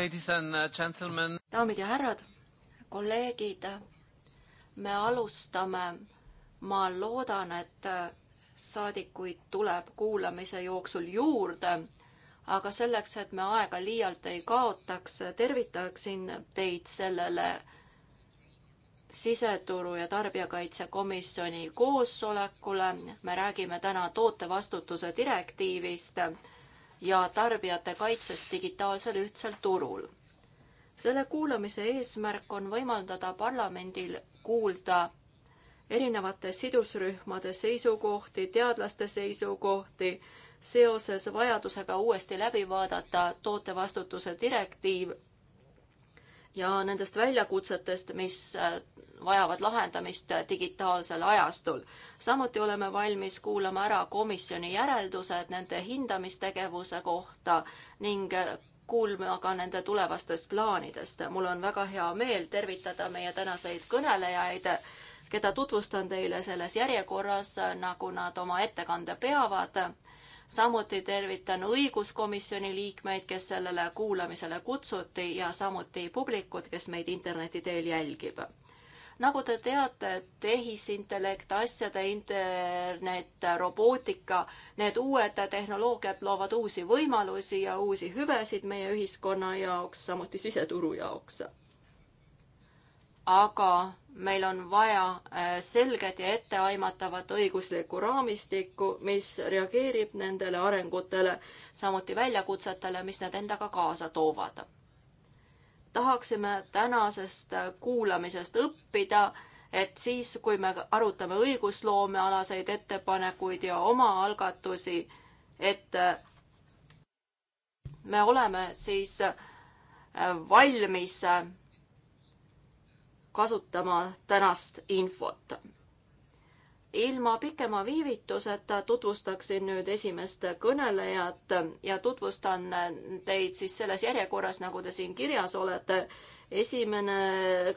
Uh, daamid ja härrad, kolleegid, me alustame. ma loodan, et uh, saadikuid tuleb kuulamise jooksul juurde, aga selleks, et me aega liialt ei kaotaks, tervitaksin teid sellele siseturu ja tarbijakaitsekomisjoni koosolekule. me räägime täna tootevastutuse direktiivist ja tarbijate kaitsest digitaalsel ühtsel turul. selle kuulamise eesmärk on võimaldada parlamendil kuulda erinevate sidusrühmade seisukohti, teadlaste seisukohti seoses vajadusega uuesti läbi vaadata tootevastutuse direktiiv ja nendest väljakutsetest, mis äh, vajavad lahendamist äh, digitaalsel ajastul. samuti oleme valmis kuulama ära komisjoni järeldused nende hindamistegevuse kohta ning äh, kuulma ka nende tulevastest plaanidest. mul on väga hea meel tervitada meie tänaseid kõnelejaid, keda tutvustan teile selles järjekorras, nagu nad oma ettekande peavad samuti tervitan õiguskomisjoni liikmeid, kes sellele kuulamisele kutsuti ja samuti publikut, kes meid interneti teel jälgib. nagu te teate, tehisintellekt, asjade internet, robootika, need uued tehnoloogiad loovad uusi võimalusi ja uusi hüvesid meie ühiskonna jaoks, samuti siseturu jaoks. aga meil on vaja äh, selget ja etteaimatavat õiguslikku raamistikku, mis reageerib nendele arengutele, samuti väljakutsetele, mis need endaga kaasa toovad. tahaksime tänasest äh, kuulamisest õppida, et siis, kui me arutame õigusloomealaseid ettepanekuid ja oma algatusi, et äh, me oleme siis valmis kasutama tänast infot. ilma pikema viivituseta tutvustaksin nüüd esimest kõnelejat ja tutvustan teid siis selles järjekorras, nagu te siin kirjas olete. esimene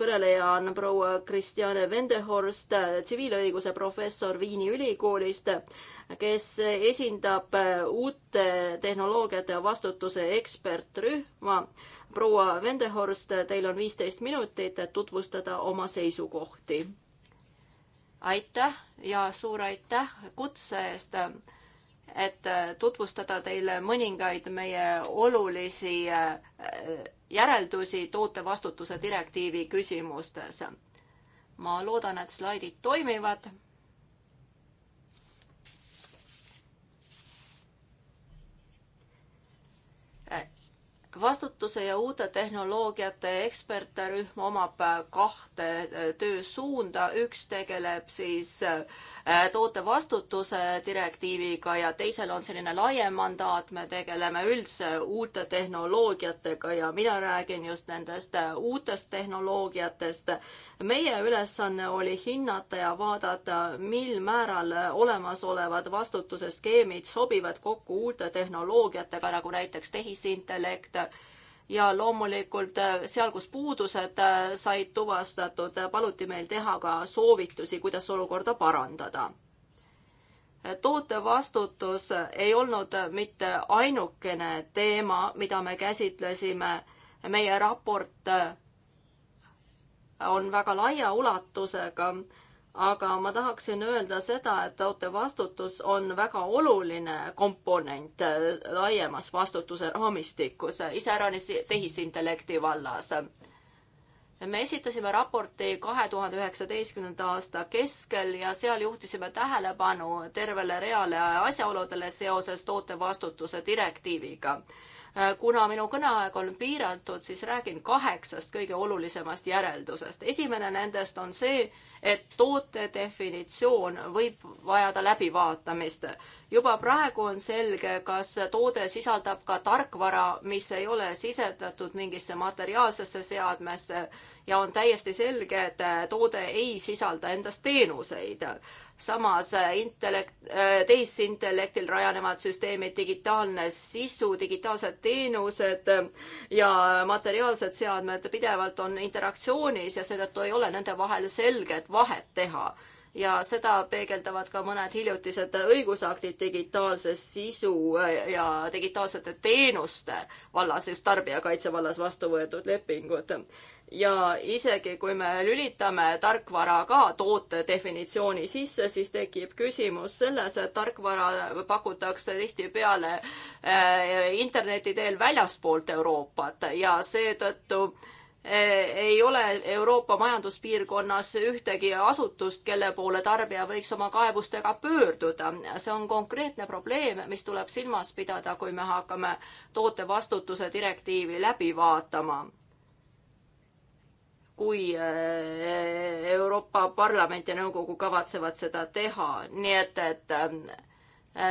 kõneleja on proua Kristjane Vendehorst, tsiviilõiguse professor Viini ülikoolist, kes esindab uute tehnoloogiate vastutuse ekspertrühma proua Vendehorst, teil on viisteist minutit, et tutvustada oma seisukohti. aitäh ja suur aitäh kutse eest, et tutvustada teile mõningaid meie olulisi äh, järeldusi tootevastutuse direktiivi küsimustes. ma loodan, et slaidid toimivad vastutuse ja uute tehnoloogiate ekspertrühm omab kahte äh, töösuunda, üks tegeleb siis äh, toote vastutuse direktiiviga ja teisel on selline laiem mandaat, me tegeleme üldse uute tehnoloogiatega ja mina räägin just nendest äh, uutest tehnoloogiatest, meie ülesanne oli hinnata ja vaadata, mil määral olemasolevad vastutuse skeemid sobivad kokku uute tehnoloogiatega, nagu näiteks tehisintellekt ja loomulikult äh, seal, kus puudused äh, said tuvastatud, äh, paluti meil teha ka soovitusi, kuidas olukorda parandada toote vastutus ei olnud mitte ainukene teema, mida me käsitlesime. meie raport on väga laia ulatusega, aga ma tahaksin öelda seda, et autovastutus on väga oluline komponent laiemas vastutuse raamistikus, iseäranis tehisintellekti vallas me esitasime raporti kahe tuhande üheksateistkümnenda aasta keskel ja seal juhtisime tähelepanu tervele reale asjaoludele seoses tootevastutuse direktiiviga. Äh, kuna minu kõneaeg on piiratud, siis räägin kaheksast kõige olulisemast järeldusest. esimene nendest on see, et toote definitsioon võib vajada läbivaatamist. juba praegu on selge, kas toode sisaldab ka tarkvara, mis ei ole sisendatud mingisse materiaalsesse seadmesse ja on täiesti selge, et toode ei sisalda endas teenuseid samas äh, intellekt, äh, tehisintellektil rajanevad süsteemid, digitaalne sisu, digitaalsed teenused äh, ja materiaalsed seadmed pidevalt on interaktsioonis ja seetõttu ei ole nende vahel selget vahet teha ja seda peegeldavad ka mõned hiljutised õigusaktid digitaalse sisu ja digitaalsete teenuste vallas, just tarbijakaitse vallas vastu võetud lepingud ja isegi kui me lülitame tarkvara ka toote definitsiooni sisse, siis tekib küsimus selles, et tarkvara pakutakse tihtipeale eh, interneti teel väljaspoolt Euroopat ja seetõttu eh, ei ole Euroopa majanduspiirkonnas ühtegi asutust, kelle poole tarbija võiks oma kaebustega pöörduda. see on konkreetne probleem, mis tuleb silmas pidada, kui me hakkame tootevastutuse direktiivi läbi vaatama kui äh, Euroopa Parlament ja nõukogu kavatsevad seda teha, nii et, et äh,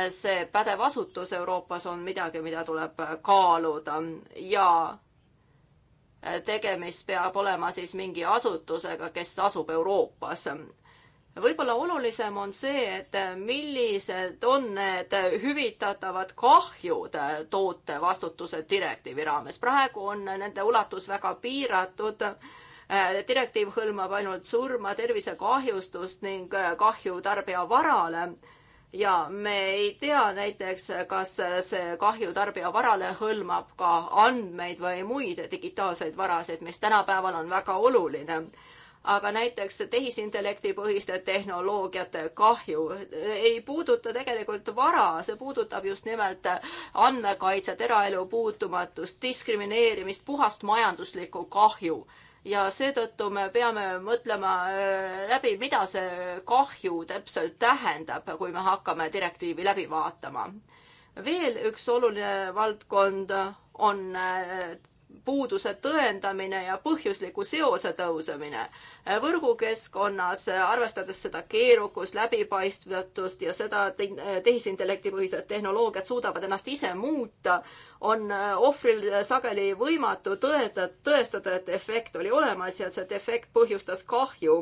see pädev asutus Euroopas on midagi, mida tuleb kaaluda ja äh, tegemist peab olema siis mingi asutusega, kes asub Euroopas võib-olla olulisem on see, et millised on need hüvitatavad kahjud toote vastutuse direktiivi raames. praegu on nende ulatus väga piiratud Äh, direktiiv hõlmab ainult surma, tervisekahjustust ning äh, kahju tarbija varale ja me ei tea näiteks, kas see kahju tarbija varale hõlmab ka andmeid või muid digitaalseid varasid, mis tänapäeval on väga oluline. aga näiteks tehisintellekti põhiste tehnoloogiate kahju äh, ei puuduta tegelikult vara, see puudutab just nimelt andmekaitset, eraelu puutumatust, diskrimineerimist, puhast majanduslikku kahju ja seetõttu me peame mõtlema äh, läbi, mida see kahju täpselt tähendab, kui me hakkame direktiivi läbi vaatama. veel üks oluline valdkond on äh, puuduse tõendamine ja põhjusliku seose tõusemine. võrgukeskkonnas, arvestades seda keerukust, läbipaistvatust ja seda, et tehisintellektipõhised tehnoloogiad suudavad ennast ise muuta, on äh, ohvril sageli võimatu tõeda, tõestada, et efekt oli olemas ja see defekt põhjustas kahju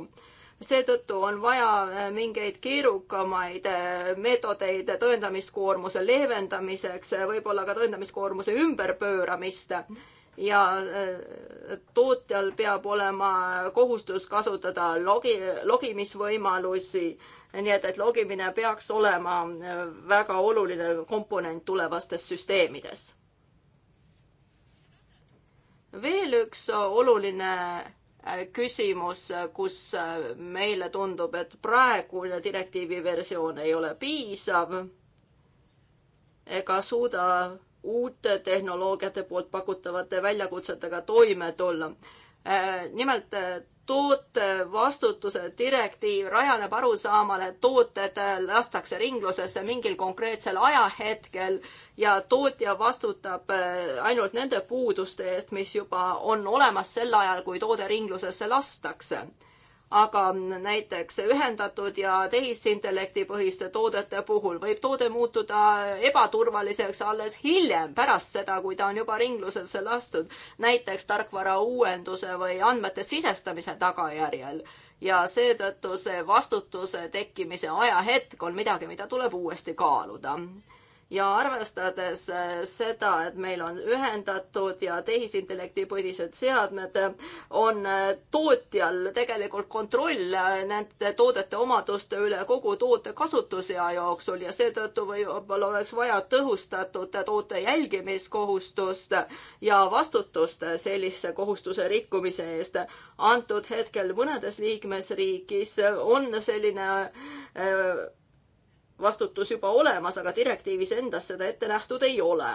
seetõttu on vaja äh, mingeid keerukamaid äh, meetodeid tõendamiskoormuse leevendamiseks, võib-olla ka tõendamiskoormuse ümberpööramist ja äh, tootjal peab olema kohustus kasutada logi, logimisvõimalusi. nii et, et logimine peaks olema äh, väga oluline komponent tulevastes süsteemides. veel üks oluline äh, küsimus, kus meile tundub, et praegune direktiivi versioon ei ole piisav ega suuda uute tehnoloogiate poolt pakutavate väljakutsetega toime tulla. Äh, nimelt äh, toote vastutuse direktiiv rajaneb arusaamal, et tooted äh, lastakse ringlusesse mingil konkreetsel ajahetkel ja tootja vastutab ainult nende puuduste eest, mis juba on olemas sel ajal, kui toode ringlusesse lastakse aga näiteks ühendatud ja tehisintellekti põhiste toodete puhul võib toode muutuda ebaturvaliseks alles hiljem, pärast seda, kui ta on juba ringlusesse lastud, näiteks tarkvara uuenduse või andmete sisestamise tagajärjel. ja seetõttu see vastutuse tekkimise ajahetk on midagi, mida tuleb uuesti kaaluda ja arvestades äh, seda, et meil on ühendatud ja tehisintellekti põhised seadmed, on äh, tootjal tegelikult kontroll äh, nende toodete omaduste üle kogu toote kasutusea jooksul ja seetõttu võib-olla oleks vaja tõhustatud toote jälgimiskohustust ja vastutust sellise kohustuse rikkumise eest. antud hetkel mõnedes liikmesriigis on selline vastutus juba olemas, aga direktiivis endas seda ette nähtud ei ole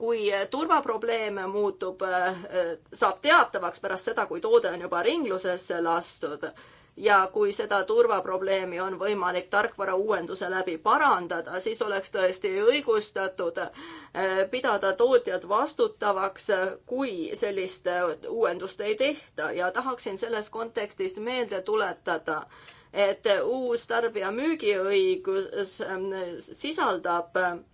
kui turvaprobleem muutub, saab teatavaks pärast seda, kui toode on juba ringlusesse lastud ja kui seda turvaprobleemi on võimalik tarkvara uuenduse läbi parandada, siis oleks tõesti õigustatud eh, pidada tootjad vastutavaks, kui sellist eh, uuendust ei tehta ja tahaksin selles kontekstis meelde tuletada, et uus tarbija müügiõigus ähm, sisaldab ähm,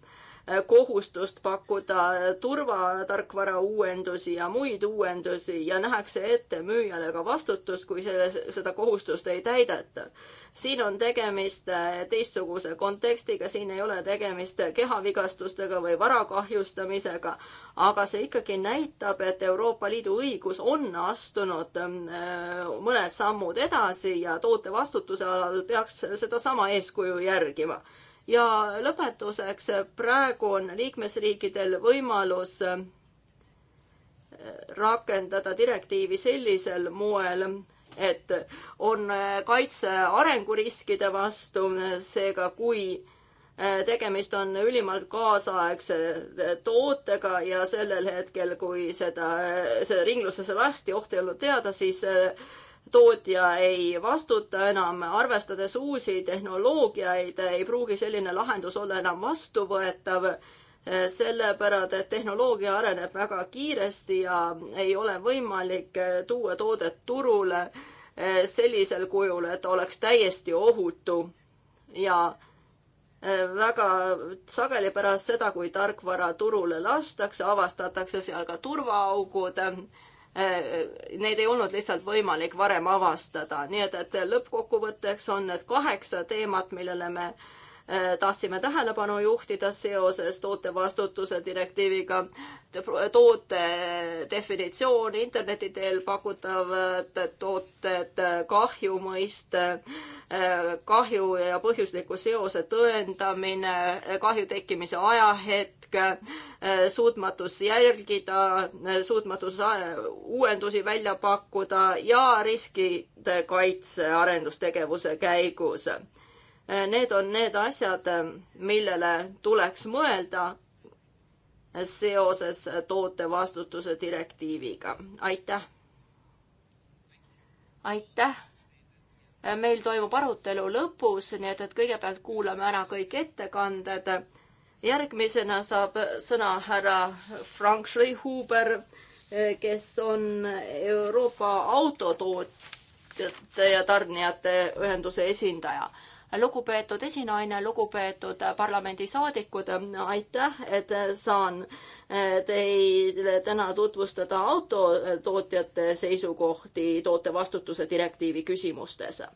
Äh, kohustust pakkuda turvatarkvara uuendusi ja muid uuendusi ja nähakse ette müüjale ka vastutus, kui selle, seda kohustust ei täideta. siin on tegemist äh, teistsuguse kontekstiga, siin ei ole tegemist kehavigastustega või vara kahjustamisega, aga see ikkagi näitab, et Euroopa Liidu õigus on astunud äh, mõned sammud edasi ja toote vastutuse alal peaks sedasama eeskuju järgima ja lõpetuseks, praegu on liikmesriikidel võimalus eh, rakendada direktiivi sellisel moel, et on eh, kaitse arenguriskide vastu, seega kui eh, tegemist on ülimalt kaasaegse tootega ja sellel hetkel, kui seda, see ringlusesse lasti, oht ei olnud teada, siis tootja ei vastuta enam, arvestades uusi tehnoloogiaid, ei pruugi selline lahendus olla enam vastuvõetav, sellepärast et tehnoloogia areneb väga kiiresti ja ei ole võimalik tuua toodet turule eh, sellisel kujul, et oleks täiesti ohutu ja eh, väga sageli pärast seda, kui tarkvara turule lastakse, avastatakse seal ka turvaaugud Äh, neid ei olnud lihtsalt võimalik varem avastada, nii et, et lõppkokkuvõtteks on need kaheksa teemat, millele me äh, Äh, tahtsime tähelepanu juhtida seoses tootevastutuse direktiiviga, toote definitsioon, interneti teel pakutavad tooted, äh, kahju mõiste, äh, kahju ja põhjusliku seose tõendamine, kahju tekkimise ajahetk, suutmatus jälgida, suutmatus uuendusi välja pakkuda ja riskide kaitse arendustegevuse käigus Äh, need on need asjad, äh, millele tuleks mõelda seoses äh, tootevastutuse direktiiviga. aitäh! aitäh! meil toimub arutelu lõpus, nii et, et kõigepealt kuulame ära kõik ettekanded. järgmisena saab sõna härra Frank Schreihuber, kes on Euroopa Autotootjate ja Tarnijate Ühenduse esindaja lugupeetud esinaine, lugupeetud parlamendisaadikud, aitäh, et saan eh, teile täna tutvustada autotootjate seisukohti toote vastutuse direktiivi küsimustes eh,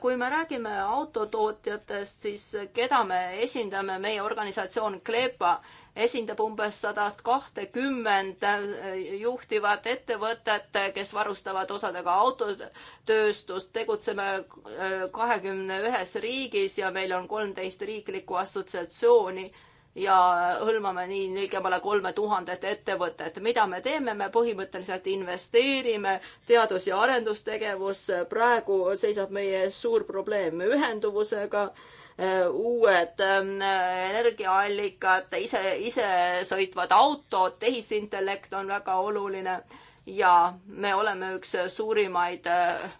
kui me räägime autotootjatest, siis keda me esindame, meie organisatsioon Klepa esindab umbes sada kahtekümmend äh, juhtivat ettevõtet, kes varustavad osadega autotööstust, tegutseme äh, kahekümne ühes riigis ja meil on kolmteist riiklikku assotsiatsiooni ja hõlmame nii ligemale kolme tuhandet ettevõtet. mida me teeme, me põhimõtteliselt investeerime teadus- ja arendustegevusse, praegu seisab meie ees suur probleem ühenduvusega uued ähm, energiaallikad, ise, isesõitvad autod, tehisintellekt on väga oluline ja me oleme üks suurimaid äh,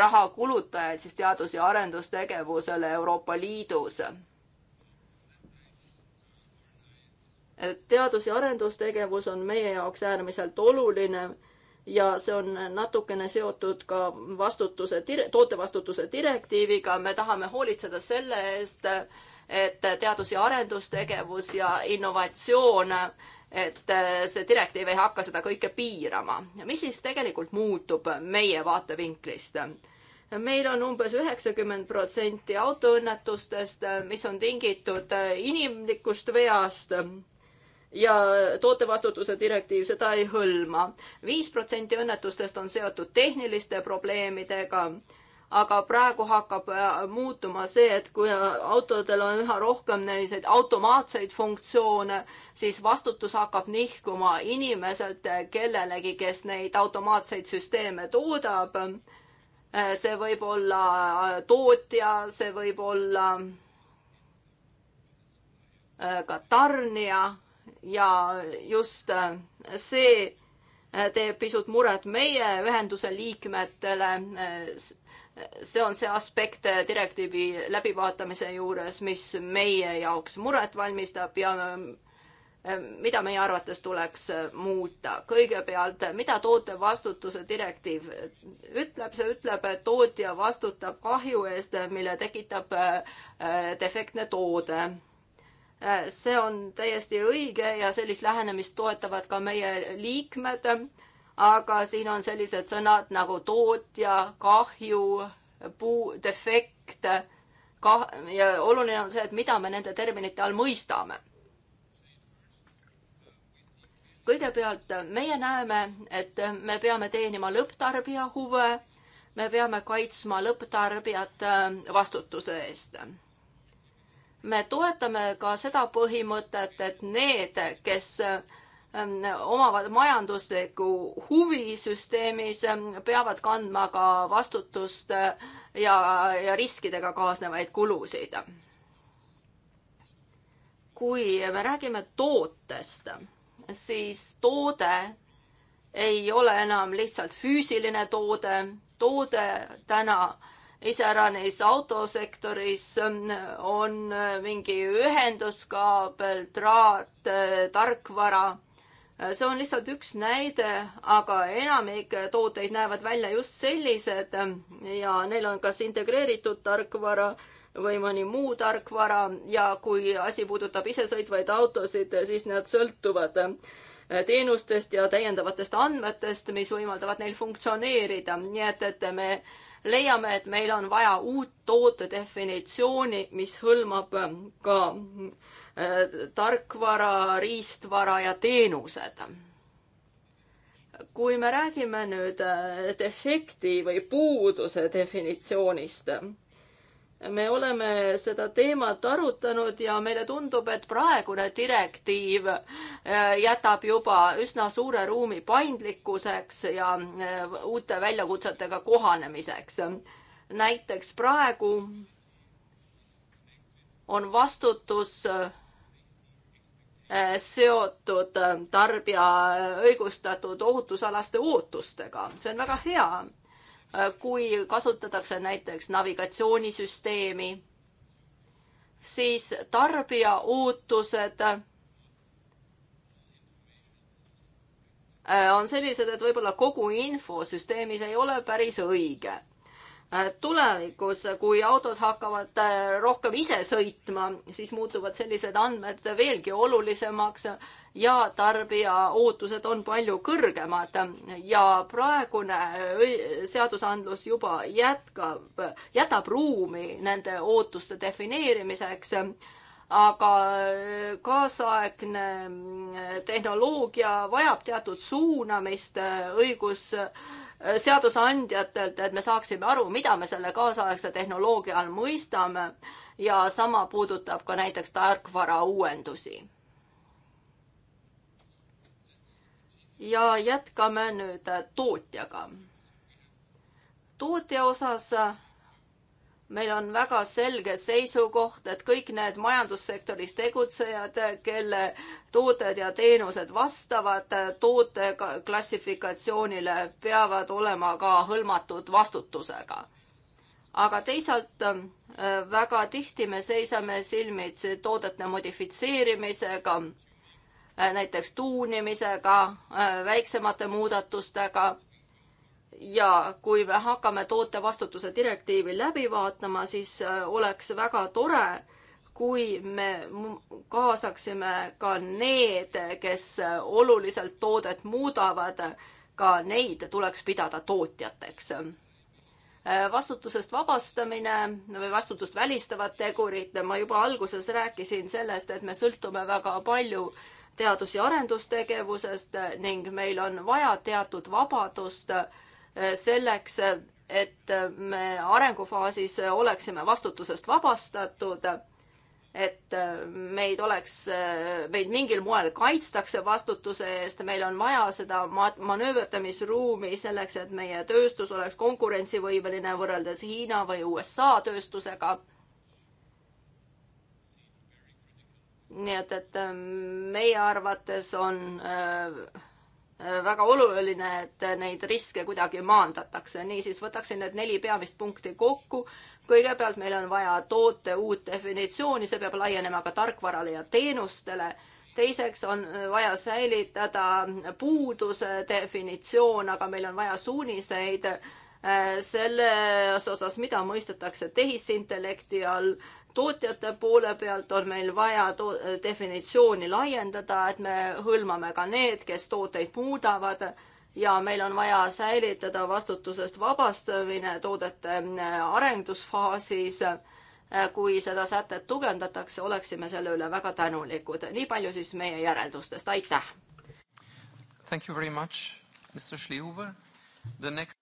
raha kulutajaid siis teadus- ja arendustegevusele Euroopa Liidus teadus- ja arendustegevus on meie jaoks äärmiselt oluline ja see on natukene seotud ka vastutuse, tootevastutuse direktiiviga, me tahame hoolitseda selle eest, et teadus- ja arendustegevus ja innovatsioon, et see direktiiv ei hakka seda kõike piirama. mis siis tegelikult muutub meie vaatevinklist? meil on umbes üheksakümmend protsenti autoõnnetustest, mis on tingitud inimlikust veast ja tootevastutuse direktiiv seda ei hõlma. viis protsenti õnnetustest on seotud tehniliste probleemidega, aga praegu hakkab äh, muutuma see, et kui äh, autodel on üha rohkem selliseid automaatseid funktsioone, siis vastutus hakkab nihkuma inimeselt äh, kellelegi, kes neid automaatseid süsteeme toodab. see võib olla tootja, see võib olla ka tarnija ja just äh, see äh, teeb pisut muret meie ühenduse liikmetele. Äh, see on see aspekt direktiivi läbivaatamise juures, mis meie jaoks muret valmistab ja ähm, mida meie arvates tuleks muuta. kõigepealt, mida tootevastutuse direktiiv ütleb, see ütleb, et tootja vastutab kahju eest, mille tekitab defektne toode Äh, see on täiesti õige ja sellist lähenemist toetavad ka meie liikmed. aga siin on sellised sõnad nagu tootja, kahju, puu, defekt, kah- ja oluline on see, et mida me nende terminite all mõistame. kõigepealt meie näeme, et me peame teenima lõpptarbija huve, me peame kaitsma lõpptarbijat äh, vastutuse eest me toetame ka seda põhimõtet, et need, kes ähm, omavad majanduslikku huvi süsteemis, ähm, peavad kandma ka vastutust äh, ja, ja riskidega kaasnevaid kulusid. kui me räägime tootest, siis toode ei ole enam lihtsalt füüsiline toode, toode täna äh, iseäranis autosektoris on mingi ühenduskaabel, traat, tarkvara. see on lihtsalt üks näide, aga enamik tooteid näevad välja just sellised ja neil on kas integreeritud tarkvara või mõni muu tarkvara ja kui asi puudutab isesõitvaid autosid, siis nad sõltuvad teenustest ja täiendavatest andmetest, mis võimaldavad neil funktsioneerida, nii et, et me leiame, et meil on vaja uut toote definitsiooni, mis hõlmab äh, ka äh, tarkvara, riistvara ja teenused. kui me räägime nüüd äh, defekti või puuduse definitsioonist, me oleme seda teemat arutanud ja meile tundub, et praegune direktiiv äh, jätab juba üsna suure ruumi paindlikkuseks ja äh, uute väljakutsetega kohanemiseks. näiteks praegu on vastutus äh, seotud tarbija õigustatud ohutusalaste ootustega, see on väga hea kui kasutatakse näiteks navigatsioonisüsteemi, siis tarbija ootused äh, on sellised, et võib-olla kogu infosüsteemis ei ole päris õige Äh, tulevikus, kui autod hakkavad äh, rohkem ise sõitma, siis muutuvad sellised andmed veelgi olulisemaks ja tarbija ootused on palju kõrgemad ja praegune seadusandlus juba jätkab, jätab ruumi nende ootuste defineerimiseks aga äh, kaasaegne tehnoloogia vajab teatud suunamist, õigus äh, seadusandjatelt, et me saaksime aru, mida me selle kaasaegse tehnoloogia all mõistame ja sama puudutab ka näiteks tarkvara uuendusi. ja jätkame nüüd tootjaga. tootja osas meil on väga selge seisukoht, et kõik need majandussektoris tegutsejad, kelle tooted ja teenused vastavad toote klassifikatsioonile, peavad olema ka hõlmatud vastutusega. aga teisalt äh, väga tihti me seisame silmitsi toodete modifitseerimisega, äh, näiteks tuunimisega, äh, väiksemate muudatustega ja kui me hakkame tootevastutuse direktiivi läbi vaatama, siis äh, oleks väga tore, kui me kaasaksime ka need, kes äh, oluliselt toodet muudavad, ka neid tuleks pidada tootjateks. Äh, vastutusest vabastamine või vastutust välistavad tegurid, ma juba alguses rääkisin sellest, et me sõltume väga palju teadus- ja arendustegevusest ning meil on vaja teatud vabadust äh, Äh, selleks, et me arengufaasis oleksime vastutusest vabastatud, et meid oleks, meid mingil moel kaitstakse vastutuse eest, meil on vaja seda ma-, manööverdamisruumi selleks, et meie tööstus oleks konkurentsivõimeline võrreldes Hiina või USA tööstusega nii et, et äh, meie arvates on äh, Äh, väga oluline, et neid riske kuidagi maandatakse. niisiis võtaksin need neli peamist punkti kokku. kõigepealt meil on vaja toote uut definitsiooni, see peab laienema ka tarkvarale ja teenustele. teiseks on äh, vaja säilitada puuduse definitsioon, aga meil on vaja suuniseid äh, selles osas, mida mõistetakse tehisintellekti all tootjate poole pealt on meil vaja definitsiooni laiendada, et me hõlmame ka need, kes tooteid muudavad ja meil on vaja säilitada vastutusest vabastamine toodete äh, arendusfaasis. Äh, kui seda sätet tugevdatakse, oleksime selle üle väga tänulikud. nii palju siis meie järeldustest, aitäh! Thank you very much, Mr Schliuber. The next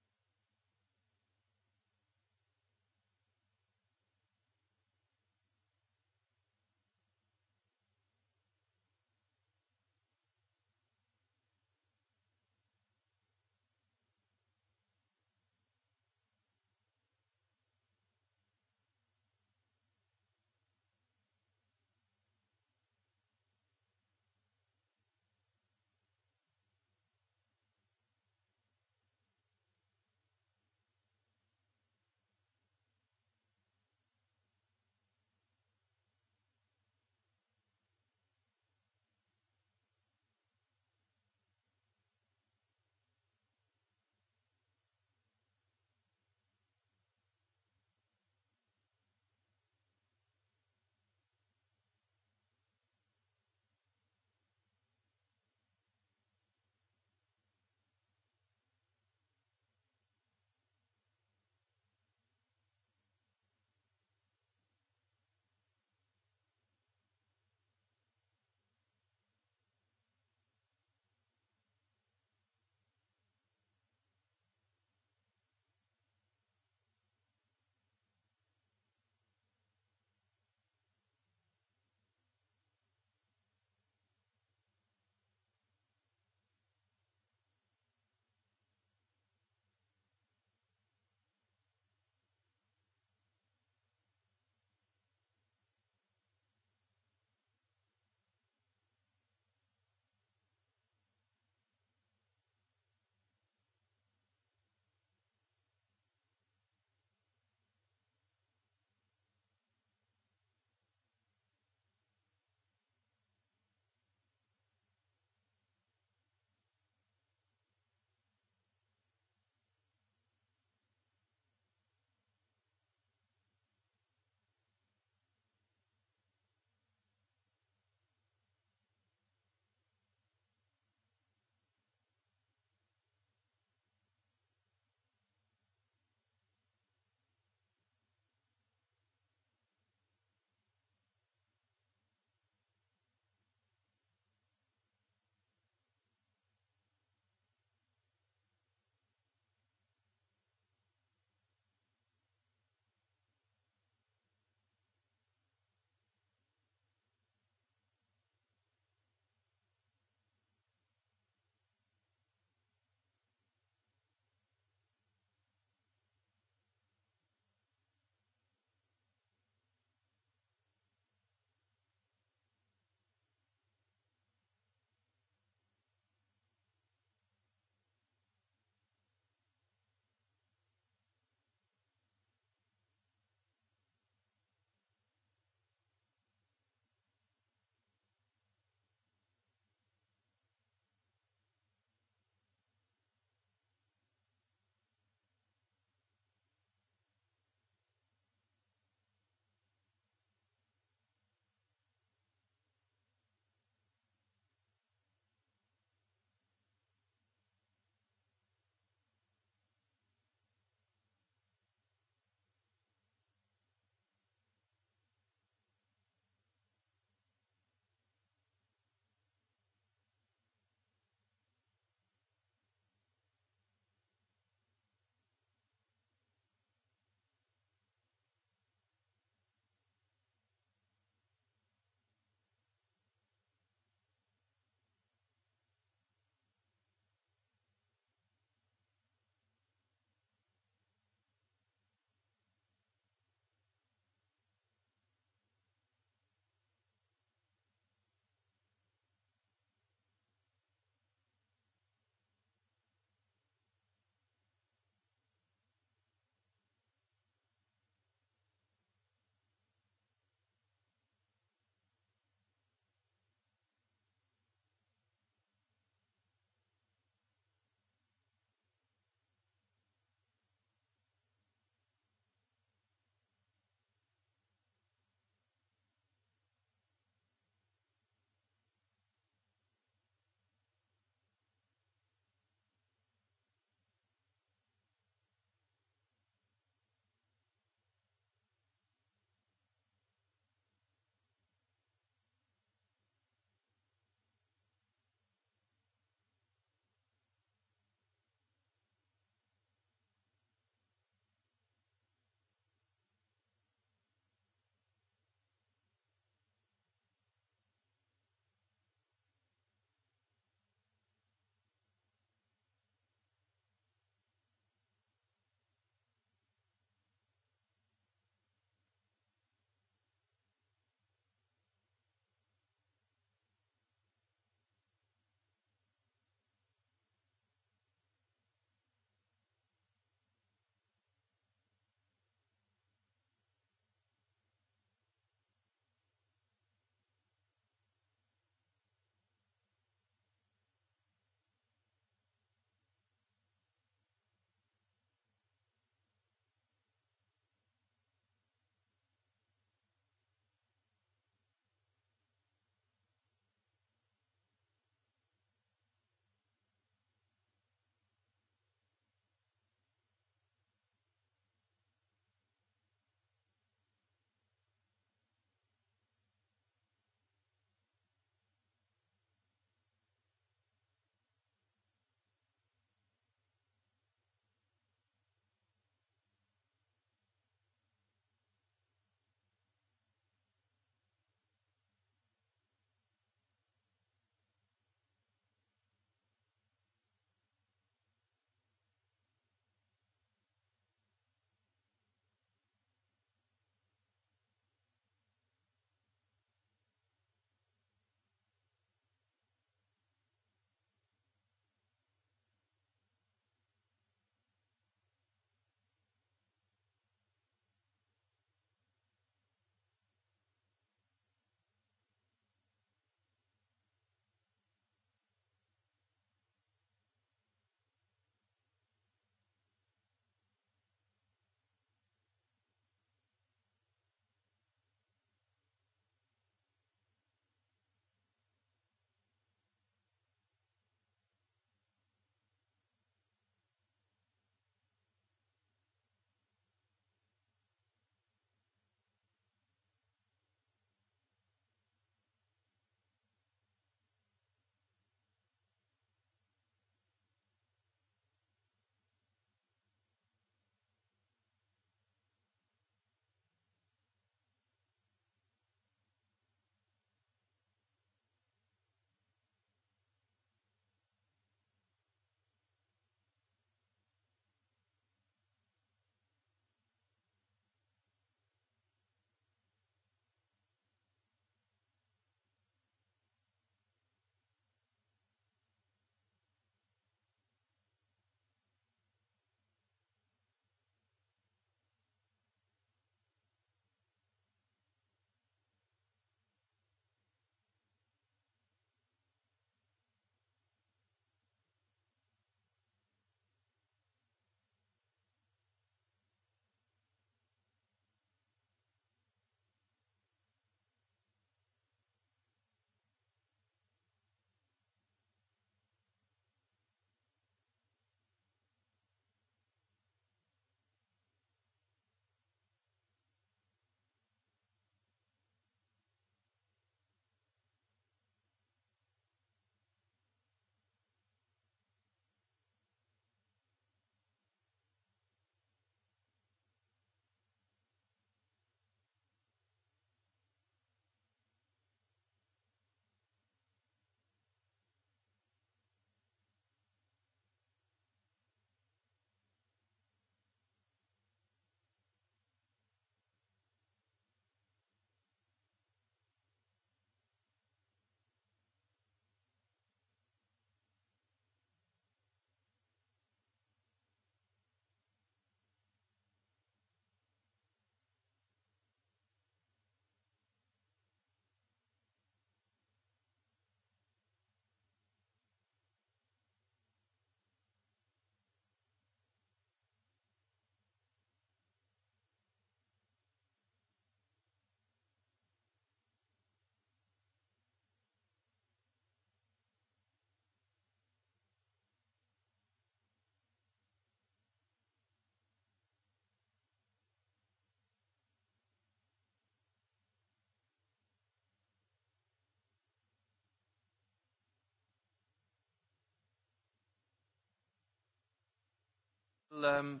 Um,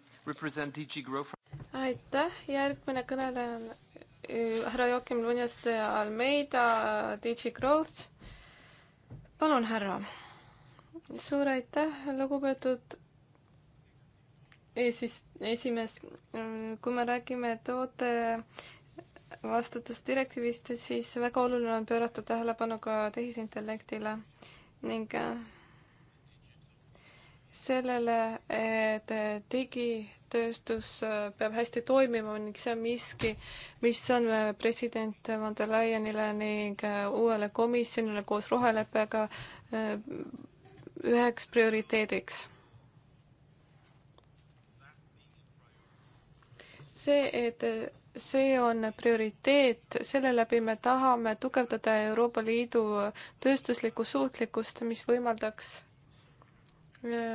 aitäh, järgmine kõneleja on äh, härra Joakim Lunjaste Almeida, DJ Growth. palun, härra. suur aitäh, lugupeetud eesis-, esimees. kui me räägime toote vastutusdirektiivist, siis väga oluline on pöörata tähelepanu ka tehisintellektile ning äh, sellele, et digitööstus äh, peab hästi toimima ning see on miski, mis on äh, president von der Leyenile ning äh, uuele komisjonile koos roheleppega üheks prioriteediks. see, et see on prioriteet, selle läbi me tahame tugevdada Euroopa Liidu tööstuslikku suutlikkust, mis võimaldaks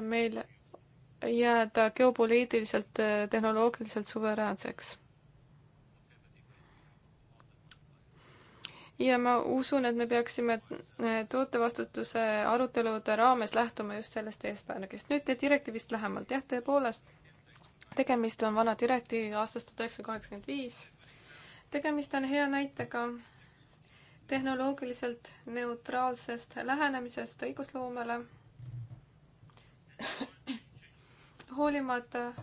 meil jääda geopoliitiliselt, tehnoloogiliselt suveräänseks. ja ma usun, et me peaksime äh, tootevastutuse arutelude raames lähtuma just sellest eesmärgist. nüüd direktiivist lähemalt, jah, tõepoolest, tegemist on vana direktiivi aastast tuhat üheksasada kaheksakümmend viis. tegemist on hea näitega tehnoloogiliselt neutraalsest lähenemisest õigusloomele hoolimata äh,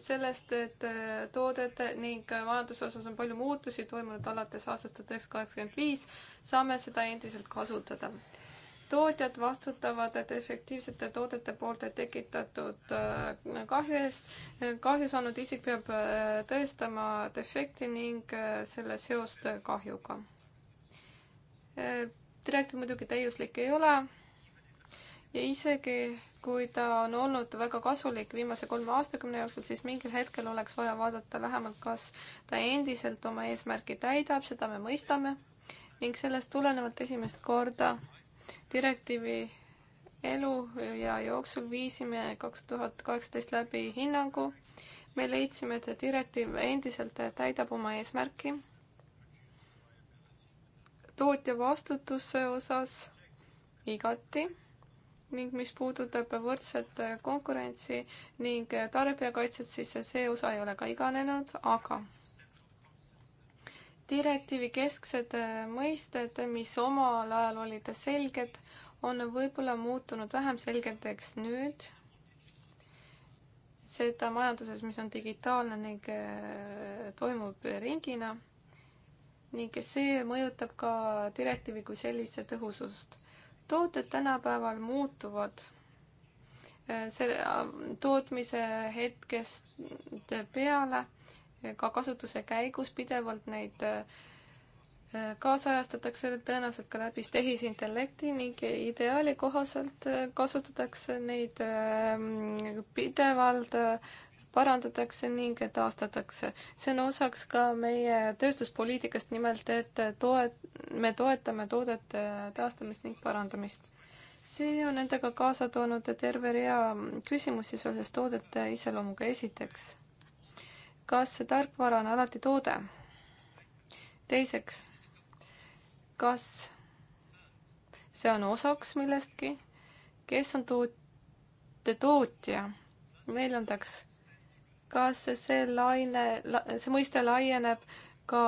sellest, et äh, toodete ning majanduse osas on palju muutusi toimunud alates aastast tuhat üheksasada kaheksakümmend viis, saame seda endiselt kasutada. tootjad vastutavad efektiivsete toodete poolt tekitatud äh, kahju eest. kahju saanud isik peab tõestama defekti ning selle seost kahjuga. direktiiv muidugi täiuslik ei ole ja isegi kui ta on olnud väga kasulik viimase kolme aastakümne jooksul, siis mingil hetkel oleks vaja vaadata lähemalt, kas ta endiselt oma eesmärki täidab, seda me mõistame ning sellest tulenevalt esimest korda direktiivi elu ja jooksul viisime kaks tuhat kaheksateist läbi hinnangu. me leidsime, et direktiiv endiselt täidab oma eesmärki. tootja vastutuse osas igati ning mis puudutab võrdset konkurentsi ning tarbijakaitset, siis see osa ei ole ka iganenud, aga direktiivi kesksed mõisted, mis omal ajal olid selged, on võib-olla muutunud vähem selgeteks nüüd. seda majanduses, mis on digitaalne ning äh, toimub ringina ning see mõjutab ka direktiivi kui sellise tõhusust tooted tänapäeval muutuvad äh, selle äh, tootmise hetkest peale, äh, ka kasutuse käigus pidevalt neid kaasajastatakse tõenäoliselt ka läbi tehisintellekti ning ideaali kohaselt kasutatakse neid pidevalt parandatakse ning taastatakse. see on osaks ka meie tööstuspoliitikast, nimelt et toet-, me toetame toodete taastamist ning parandamist. see on endaga kaasa toonud terve rea küsimusi seoses toodete iseloomuga. esiteks, kas tarkvara on alati toode? teiseks, kas see on osaks millestki? kes on toot-, tootja? neljandaks kas see laine, see mõiste laieneb ka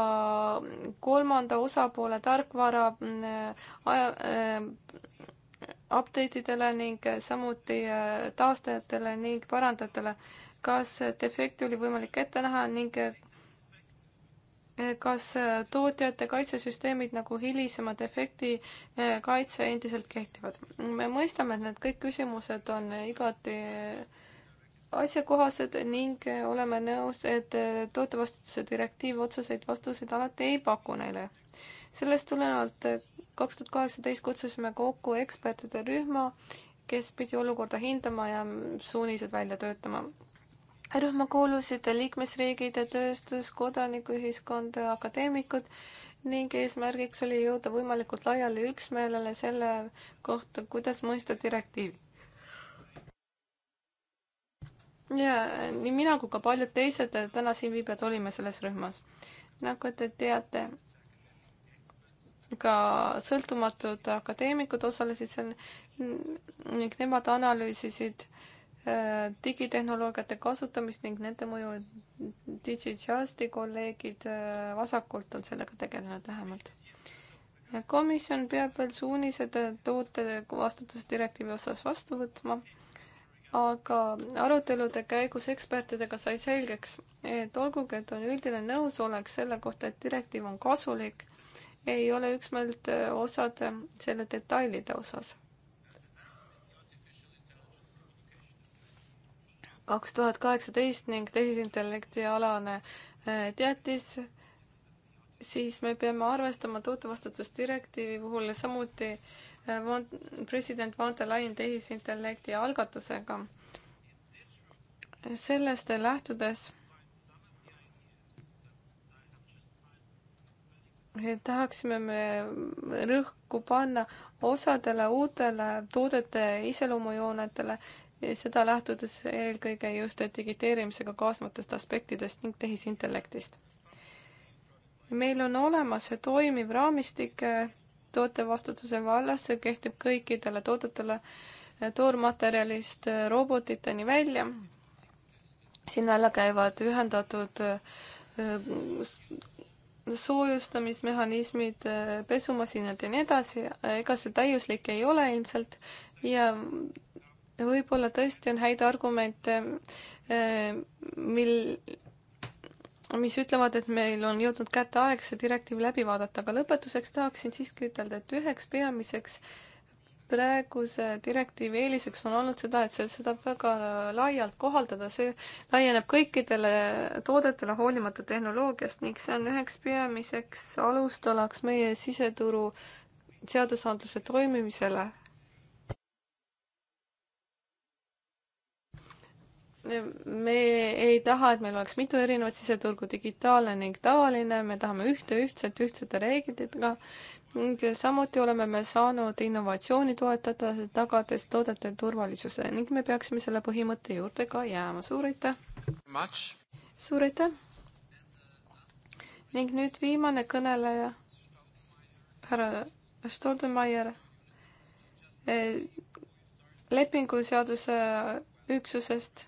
kolmanda osapoole tarkvara mm, aja äh, update idele ning samuti äh, taastajatele ning parandajatele. kas defekt oli võimalik ette näha ning äh, kas äh, tootjate kaitsesüsteemid nagu hilisema defekti kaitse endiselt kehtivad? me mõistame, et need kõik küsimused on igati äh, asjakohased ning eh, oleme nõus, et eh, tootevastutuse direktiiv otseseid vastuseid alati ei paku neile. sellest tulenevalt eh, kaks tuhat kaheksateist kutsusime kokku ekspertide rühma, kes pidi olukorda hindama ja suunised välja töötama. rühma kuulusid liikmesriigid, tööstus, kodanikuühiskond, akadeemikud ning eesmärgiks oli jõuda võimalikult laiali üksmeelele selle kohta, kuidas mõista direktiivi ja nii mina kui ka paljud teised täna siin viibijad olime selles rühmas. nagu te teate, ka sõltumatud akadeemikud osalesid seal ning nemad analüüsisid äh, digitehnoloogiate kasutamist ning nende mõju. Digitiasti kolleegid äh, vasakult on sellega tegelenud lähemalt. komisjon peab veel suunised äh, toote vastutusdirektiivi osas vastu võtma aga arutelude käigus ekspertidega sai selgeks, et olgugi, et on üldine nõusolek selle kohta, et direktiiv on kasulik, ei ole üksmeelt äh, osade äh, selle detailide osas. kaks tuhat kaheksateist ning tehisintellekti alane äh, teatis, siis me peame arvestama tootevastutusdirektiivi puhul samuti äh, Äh, president von der Leyen tehisintellekti algatusega. sellest lähtudes tahaksime me rõhku panna osadele uutele toodete iseloomujoonetele, seda lähtudes eelkõige just digiteerimisega kaasnevatest aspektidest ning tehisintellektist. meil on olemas toimiv raamistik tootevastutuse vallas, see kehtib kõikidele toodetele eh, toormaterjalist eh, robotiteni välja. siin alla käivad ühendatud eh, soojustamismehhanismid, pesumasinad ja nii edasi, ega see täiuslik ei ole ilmselt ja võib-olla tõesti on häid argumente, mil mis ütlevad, et meil on jõudnud kätte aeg see direktiiv läbi vaadata, aga lõpetuseks tahaksin siiski ütelda, et üheks peamiseks praeguse direktiivi eeliseks on olnud seda, et see, seda väga laialt kohaldada, see laieneb kõikidele toodetele hoolimata tehnoloogiast ning see on üheks peamiseks alustalaks meie siseturu seadusandluse toimimisele me ei taha, et meil oleks mitu erinevat siseturgu, digitaalne ning tavaline, me tahame ühte ühtset, ühtsete reeglitega ning samuti oleme me saanud innovatsiooni toetada, tagades toodete turvalisuse ning me peaksime selle põhimõtte juurde ka jääma. suur aitäh! suur aitäh! ning nüüd viimane kõneleja, härra Stoltenmeier. Eh, lepinguseaduse üksusest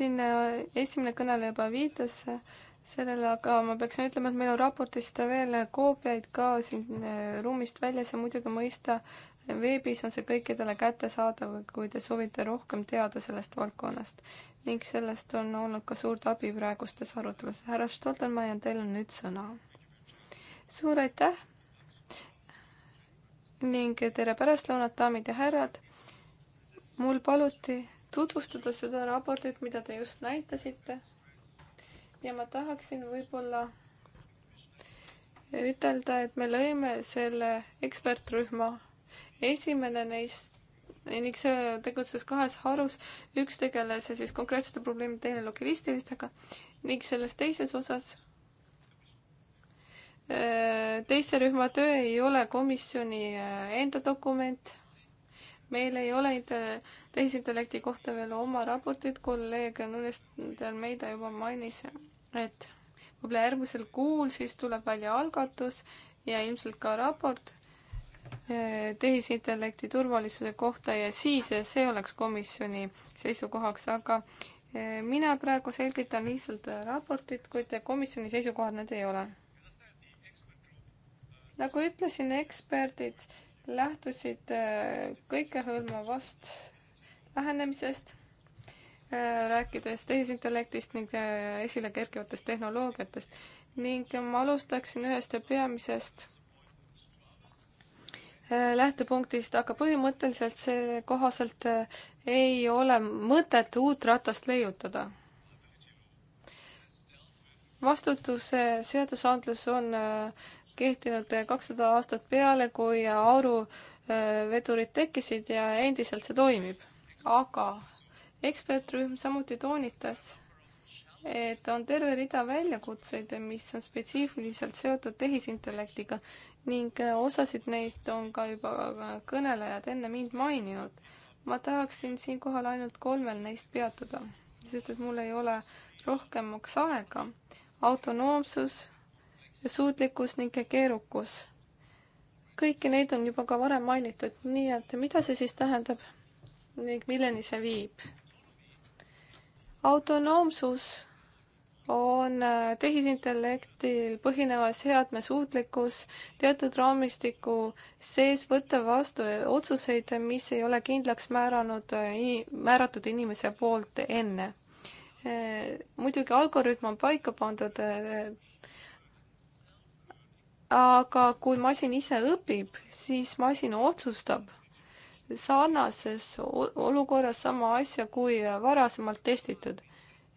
siin äh, esimene kõneleja juba viitas äh, sellele, aga ma peaksin ütlema, et meil on raportist veel äh, koopiaid ka siin ruumist väljas ja muidugi mõista, veebis on see kõikidele kättesaadav, kui te soovite rohkem teada sellest valdkonnast. ning sellest on olnud ka suurt abi praegustes aruteludes. härra Stoltenmaier, teil on nüüd sõna. suur aitäh ning tere pärastlõunat, daamid ja härrad. mul paluti tutvustada seda raportit, mida te just näitasite. ja ma tahaksin võib-olla ütelda, et me lõime selle ekspertrühma. esimene neist ning see tegutses kahes harus, üks tegeles siis konkreetsete probleemide, teine logistilistega ning selles teises osas äh, teise rühma töö ei ole komisjoni äh, enda dokument meil ei ole äh, tehisintellekti kohta veel oma raportit, kolleeg Nunes Almeida juba mainis, et võib-olla järgmisel kuul siis tuleb välja algatus ja ilmselt ka raport äh, tehisintellekti turvalisuse kohta ja siis äh, see oleks komisjoni seisukohaks, aga mina praegu selgitan lihtsalt raportit, kuid komisjoni seisukohad need ei ole. nagu ütlesin, eksperdid lähtusid äh, kõikehõlmavast lähenemisest, äh, rääkides tehisintellektist ning äh, esile kerkivatest tehnoloogiatest ning ma alustaksin ühest peamisest lähtepunktist, aga põhimõtteliselt see kohaselt ei ole mõtet uut ratast leiutada. vastutuse seadusandlus on äh, kehtinud kakssada aastat peale, kui auruvedurid äh, tekkisid ja endiselt see toimib. aga ekspertrühm samuti toonitas, et on terve rida väljakutseid, mis on spetsiifiliselt seotud tehisintellektiga ning äh, osasid neist on ka juba kõnelejad enne mind maininud. ma tahaksin siinkohal ainult kolmel neist peatuda, sest et mul ei ole rohkemaks aega. autonoomsus, suutlikkus ning keerukus. kõiki neid on juba ka varem mainitud, nii et mida see siis tähendab ning milleni see viib? autonoomsus on äh, tehisintellektil põhineva seadme suutlikkus teatud raamistiku sees võtta vastu äh, otsuseid, mis ei ole kindlaks määranud, äh, määratud inimese poolt enne. muidugi Algorütm on paika pandud aga kui masin ise õpib, siis masin otsustab sarnases olukorras sama asja kui varasemalt testitud.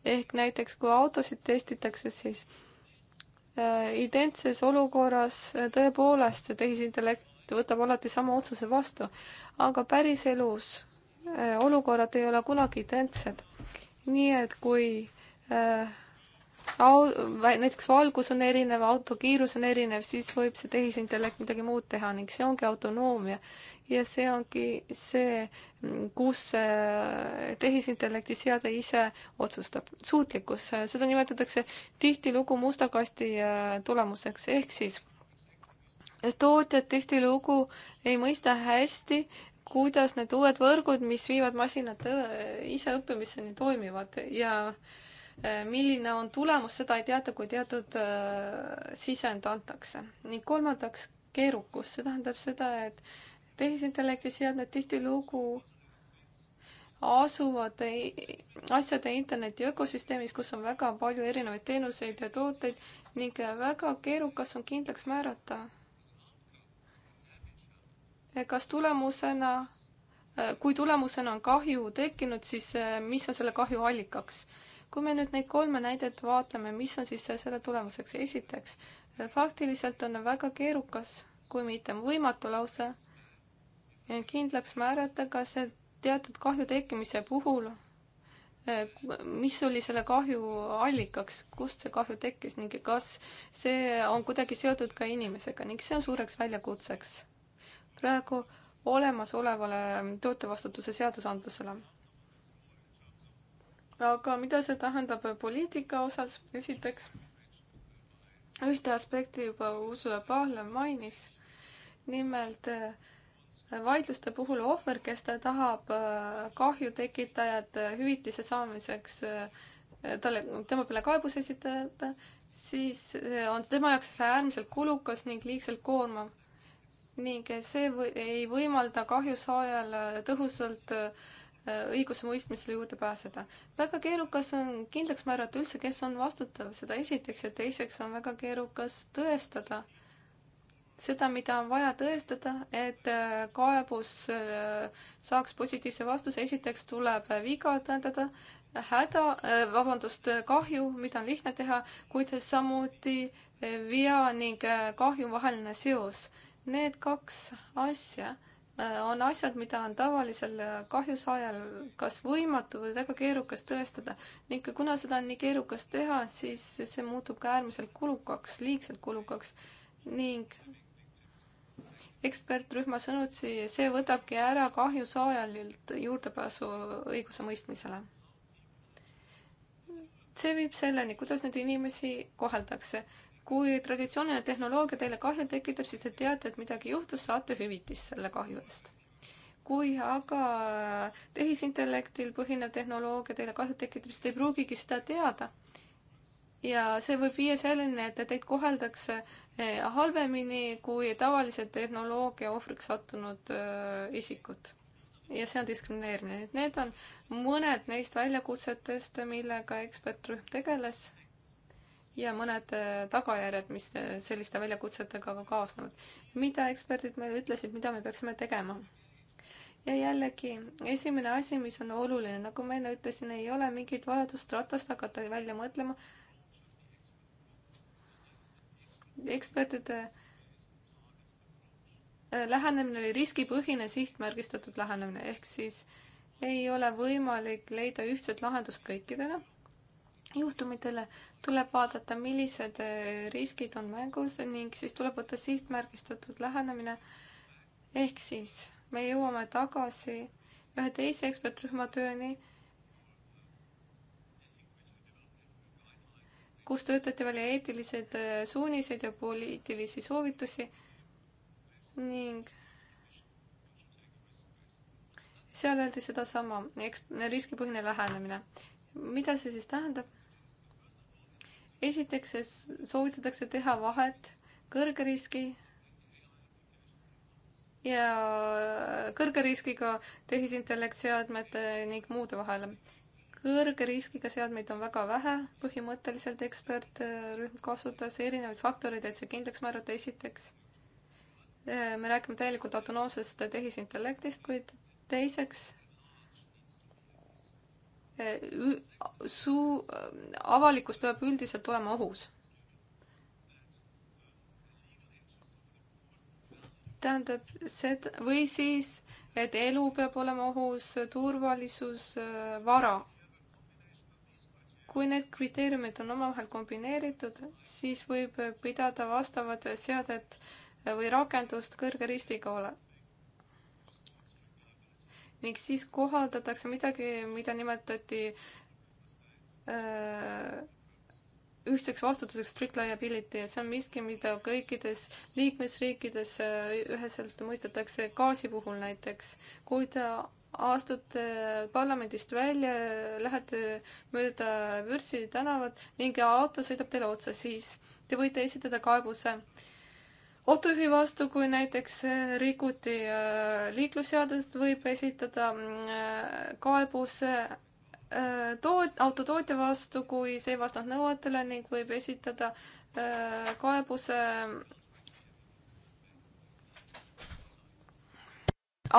ehk näiteks kui autosid testitakse, siis äh, identses olukorras äh, tõepoolest tehisintellekt võtab alati sama otsuse vastu, aga päriselus äh, olukorrad ei ole kunagi identsed. nii et kui äh, näiteks valgus on erinev, auto kiirus on erinev, siis võib see tehisintellekt midagi muud teha ning see ongi autonoomia. ja see ongi see, kus äh, tehisintellekti seade ise otsustab. suutlikkus, seda nimetatakse tihtilugu musta kasti äh, tulemuseks, ehk siis tootjad tihtilugu ei mõista hästi, kuidas need uued võrgud, mis viivad masinad äh, ise õppimiseni, toimivad ja äh, Äh, milline on tulemus, seda ei teata, kui teatud äh, sisend antakse. ning kolmandaks, keerukus, see tähendab seda, et tehisintellekti seadmed tihtilugu asuvad asjade interneti ökosüsteemis, kus on väga palju erinevaid teenuseid ja tooteid ning väga keerukas on kindlaks määrata, kas tulemusena, kui tulemusena on kahju tekkinud, siis mis on selle kahju allikaks kui me nüüd neid kolme näidet vaatleme, mis on siis selle tulemuseks? esiteks, faktiliselt on väga keerukas, kui mitte võimatu lause, kindlaks määrata, kas teatud kahju tekkimise puhul, mis oli selle kahju allikaks, kust see kahju tekkis ning kas see on kuidagi seotud ka inimesega ning see on suureks väljakutseks praegu olemasolevale tootevastutuse seadusandlusele aga mida see tähendab poliitika osas, esiteks ühte aspekti juba Ursula Pahle mainis, nimelt vaidluste puhul ohver, kes ta tahab äh, kahju tekitajat äh, hüvitise saamiseks äh, talle, tema peale kaebus esitada, siis on tema jaoks see äärmiselt kulukas ning liigselt koormav. ning see või, ei võimalda kahjusaajal tõhusalt äh, Äh, õigusemõistmisele juurde pääseda. väga keerukas on kindlaks määrata üldse, kes on vastutav, seda esiteks ja teiseks on väga keerukas tõestada seda, mida on vaja tõestada, et äh, kaebus äh, saaks positiivse vastuse. esiteks tuleb viga tõendada, häda, vabandust, kahju, mida on lihtne teha, kuid samuti vea ning kahju vaheline seos. Need kaks asja Äh, on asjad, mida on tavalisel äh, kahjusaajal kas võimatu või väga keerukas tõestada ning kuna seda on nii keerukas teha, siis see muutub ka äärmiselt kulukaks, liigselt kulukaks ning ekspertrühma sõnutsi, see võtabki ära kahjusaajalilt juurdepääsu õiguse mõistmisele. see viib selleni, kuidas nüüd inimesi koheldakse kui traditsiooniline tehnoloogia teile kahju tekitab, siis te teate, et midagi juhtus, saate hüvitist selle kahju eest. kui aga tehisintellektil põhinev tehnoloogia teile kahju tekitab, siis te ei pruugigi seda teada. ja see võib viia selleni, et teid koheldakse eh, halvemini kui tavaliselt tehnoloogia ohvriks sattunud eh, isikut ja see on diskrimineerimine, et need on mõned neist väljakutsetest, millega ekspertrühm tegeles ja mõned äh, tagajärjed, mis äh, selliste väljakutsetega ka kaasnevad. mida eksperdid meile ütlesid, mida me peaksime tegema? ja jällegi, esimene asi, mis on oluline, nagu ma enne ütlesin, ei ole mingit vajadust ratast hakata välja mõtlema. ekspertide äh, lähenemine oli riskipõhine sihtmärgistatud lähenemine, ehk siis ei ole võimalik leida ühtset lahendust kõikidele juhtumitele tuleb vaadata, millised äh, riskid on mängus ning siis tuleb võtta sihtmärgistatud lähenemine. ehk siis me jõuame tagasi ühe teise ekspertrühma tööni, kus töötati välja eetilised äh, suunised ja poliitilisi soovitusi ning seal öeldi sedasama, eks riskipõhine lähenemine. mida see siis tähendab? esiteks soovitatakse teha vahet kõrge riski ja kõrge riskiga tehisintellektseadmete ning muude vahel. kõrge riskiga seadmeid on väga vähe, põhimõtteliselt ekspertrühm äh, kasutas erinevaid faktoreid, et see kindlaks määrata, esiteks äh, me räägime täielikult autonoomsest tehisintellektist, kuid teiseks suu, äh, avalikkus peab üldiselt olema ohus. tähendab seda, või siis, et elu peab olema ohus, turvalisus, äh, vara. kui need kriteeriumid on omavahel kombineeritud, siis võib pidada vastavat seadet äh, või rakendust kõrge ristiga ole-, ning siis kohaldatakse midagi, mida nimetati öö, äh, ühtseks vastutuseks strict liability, et see on miski, mida kõikides liikmesriikides äh, üheselt mõistetakse gaasi puhul näiteks. kui te astute parlamendist välja, lähete mööda Vürtsi tänavat ning auto sõidab teile otsa, siis te võite esitada kaebuse äh, ohtuühi vastu, kui näiteks eh, rikuti eh, liiklusseadust, võib esitada mm, eh, kaebuse toot-, autotootja vastu, kui see ei vastanud nõuetele ning võib esitada kaebuse mm,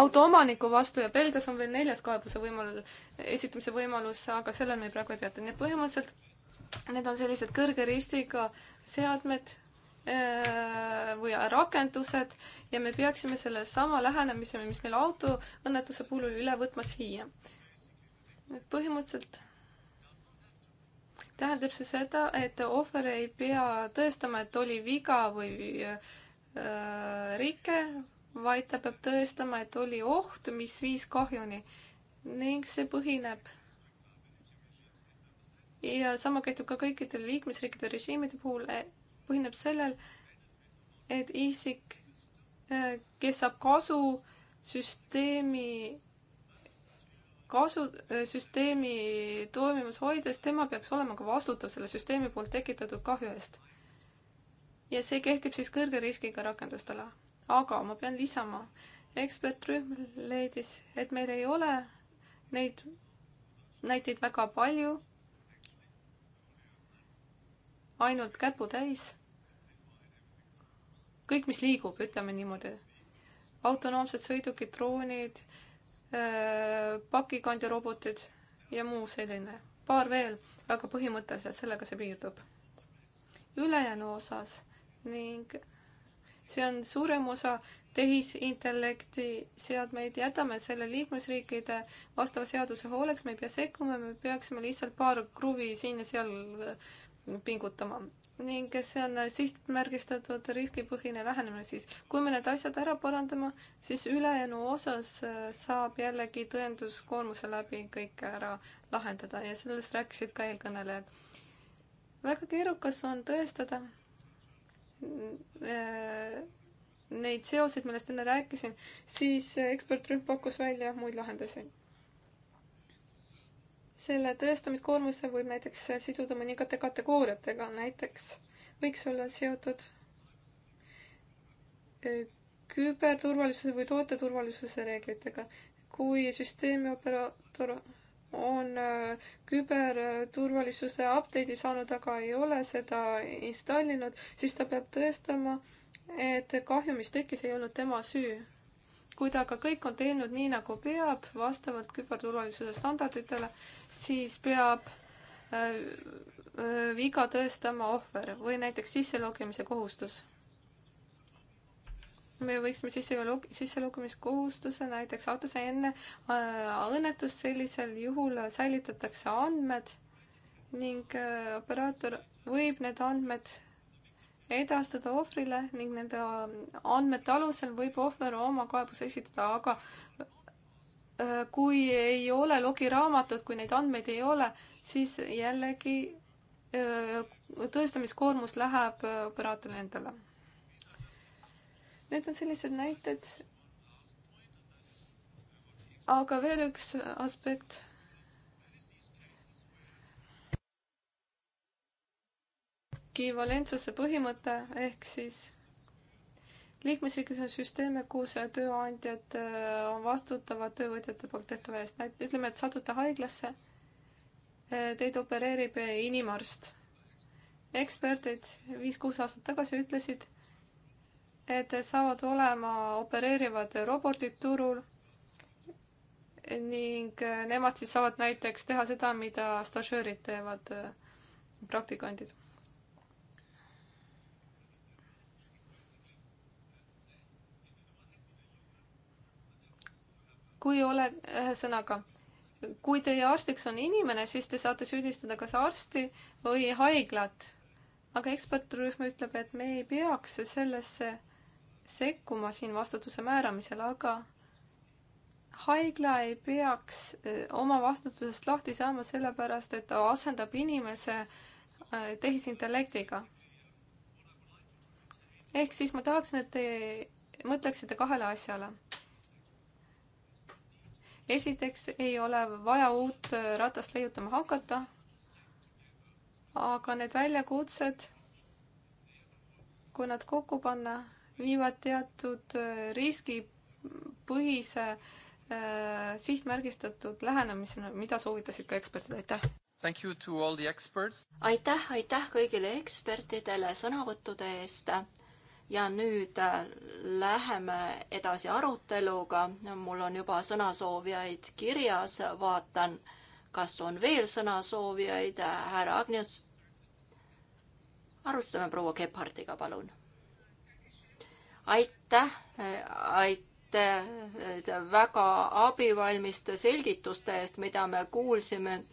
autoomaniku vastu ja Belgias on veel neljas kaebuse võimalus, esitamise võimalus, aga selle me praegu ei peata, nii et põhimõtteliselt need on sellised kõrge ristiga seadmed Äh, või rakendused ja me peaksime sellesama lähenemise, mis meil autoõnnetuse puhul oli, üle võtma siia. et põhimõtteliselt tähendab see seda, et ohver ei pea tõestama, et oli viga või äh, rike, vaid ta peab tõestama, et oli oht, mis viis kahjuni ning see põhineb ja sama kehtib ka kõikide liikmesriikide režiimide puhul, põhineb sellel, et isik, äh, kes saab kasu süsteemi, kasu, äh, süsteemi toimimas hoides, tema peaks olema ka vastutav selle süsteemi poolt tekitatud kahju eest. ja see kehtib siis kõrge riskiga rakendustele. aga ma pean lisama, ekspertrühm leidis, et meil ei ole neid näiteid väga palju ainult käputäis. kõik, mis liigub, ütleme niimoodi. autonoomsed sõidukid, droonid, äh, pakikandjarobotid ja muu selline. paar veel, aga põhimõtteliselt sellega see piirdub. ülejäänu osas ning see on suurem osa tehisintellekti seadmeid, jätame selle liikmesriikide vastava seaduse hooleks, me ei pea sekkuma, me peaksime lihtsalt paar kruvi siin ja seal pingutama ning see on sihtmärgistatud riskipõhine lähenemine siis. kui me need asjad ära parandame, siis ülejäänu osas äh, saab jällegi tõenduskoormuse läbi kõik ära lahendada ja sellest rääkisid ka eelkõnelejad. väga keerukas on tõestada äh, neid seoseid, millest enne rääkisin, siis äh, ekspertrühm pakkus välja muid lahendusi selle tõestamiskoormuse võib näiteks siduda mõningate kategooriatega, näiteks võiks olla seotud e, küberturvalisuse või tooteturvalisuse reeglitega. kui süsteemi operaator on e, küberturvalisuse update'i saanud, aga ei ole seda installinud, siis ta peab tõestama, et kahju, mis tekkis, ei olnud tema süü kuid aga kõik on teinud nii, nagu peab, vastavalt küberturvalisuse standarditele, siis peab äh, äh viga tõestama ohver või näiteks sisselogimise kohustus. me võiksime sisse, sisselogimiskohustuse näiteks autosse enne äh, õnnetust, sellisel juhul säilitatakse andmed ning äh, operaator võib need andmed edastada ohvrile ning nende äh, andmete alusel võib ohver oma kaebuse esitada, aga äh, kui ei ole logiraamatut, kui neid andmeid ei ole, siis jällegi äh, tõestamiskoormus läheb operaatorile endale. Need on sellised näited. aga veel üks aspekt ekvivalentsuse põhimõte ehk siis liikmesriigis on süsteeme, kus tööandjad äh, on vastutavad töövõtjate poolt tehtava eest, ütleme, et satute haiglasse, äh, teid opereerib inimarst. eksperdid viis-kuus aastat tagasi ütlesid, et saavad olema opereerivad robotid turul ning äh, nemad siis saavad näiteks teha seda, mida stažöörid teevad, praktikandid kui ole, ühesõnaga, kui teie arstiks on inimene, siis te saate süüdistada kas arsti või haiglat. aga ekspertrühm ütleb, et me ei peaks sellesse sekkuma siin vastutuse määramisel, aga haigla ei peaks e, oma vastutusest lahti saama sellepärast, et ta asendab inimese e, tehisintellektiga. ehk siis ma tahaksin, et te mõtleksite kahele asjale esiteks ei ole vaja uut äh, ratast leiutama hakata, aga need väljakutsed, kui nad kokku panna, viivad teatud äh, riskipõhise äh, sihtmärgistatud lähenemisena, mida soovitasid ka eksperdid, aitäh! aitäh, aitäh kõigile ekspertidele sõnavõttude eest ja nüüd äh, läheme edasi aruteluga. mul on juba sõnasoovijaid kirjas, vaatan, kas on veel sõnasoovijaid. Äh, härra Agnes. alustame proua Gebhardiga, palun. aitäh, äh, aitäh aitäh väga abivalmiste selgituste eest, mida me kuulsime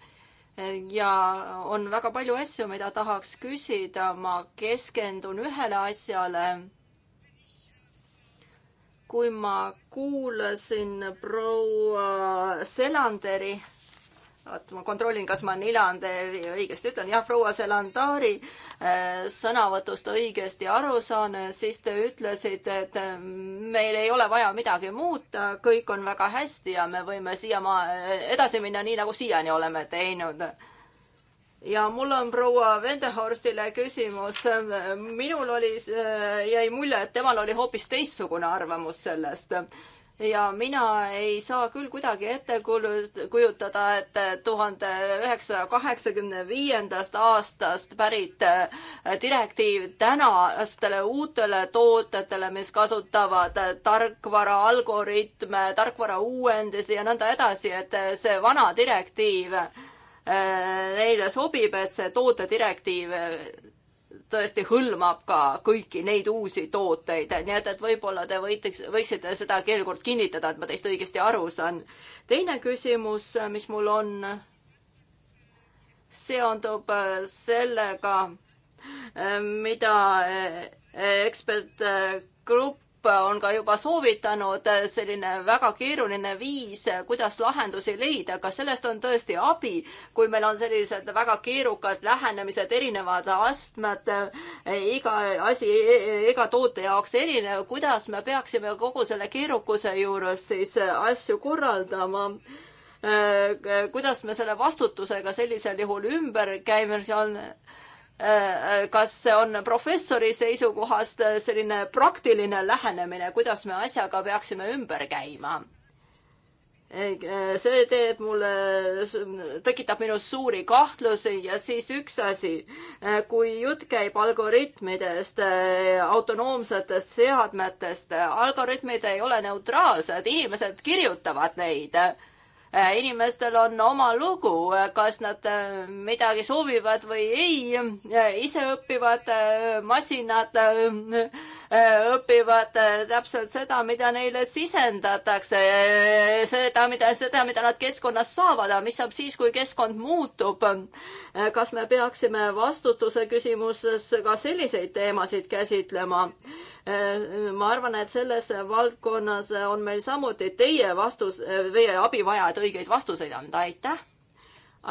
ja on väga palju asju, mida tahaks küsida, ma keskendun ühele asjale. kui ma kuulasin proua Selanderi vaat ma kontrollin, kas ma Nilande õigesti ütlen, jah, proua Selandari äh, sõnavõtust õigesti aru saan, siis te ütlesite, et äh, meil ei ole vaja midagi muuta, kõik on väga hästi ja me võime siiamaa äh, edasi minna nii, nagu siiani oleme teinud ja mul on proua Vendehorstile küsimus. minul oli, jäi mulje, et temal oli hoopis teistsugune arvamus sellest ja mina ei saa küll kuidagi ette kujutada, et tuhande üheksasaja kaheksakümne viiendast aastast pärit äh, direktiiv tänastele uutele tootele, mis kasutavad tarkvara algoritme, tarkvara uuendusi ja nõnda edasi, et see vana direktiiv äh, neile sobib, et see tootedirektiiv tõesti hõlmab ka kõiki neid uusi tooteid, nii et, et võib-olla te võite, võiksite seda veel kord kinnitada, et ma teist õigesti aru saan. teine küsimus, mis mul on, seondub äh, sellega, äh, mida äh, ekspertgrupp on ka juba soovitanud äh, selline väga keeruline viis, äh, kuidas lahendusi leida, kas sellest on tõesti abi, kui meil on sellised väga keerukad lähenemised, erinevad astmed, äh, iga asi, e, e, iga toote jaoks erinev, kuidas me peaksime kogu selle keerukuse juures siis asju korraldama? kuidas me selle vastutusega sellisel juhul ümber käime, on Äh, kas see on professori seisukohast äh, selline praktiline lähenemine, kuidas me asjaga peaksime ümber käima? Äh, see teeb mulle, tekitab minus suuri kahtlusi ja siis üks asi, kui jutt käib algoritmidest, autonoomsetest seadmetest, algoritmid ei ole neutraalsed, inimesed kirjutavad neid Äh, inimestel on oma lugu, äh, kas nad äh, midagi soovivad või ei, iseõppivad masinad Äh, õpivad äh, täpselt seda, mida neile sisendatakse, äh, seda, mida, seda, mida nad keskkonnast saavad, aga mis saab siis, kui keskkond muutub. kas me peaksime vastutuse küsimuses ka selliseid teemasid käsitlema? ma arvan, et selles valdkonnas on meil samuti teie vastus, teie abivajajad õigeid vastuseid anda, aitäh.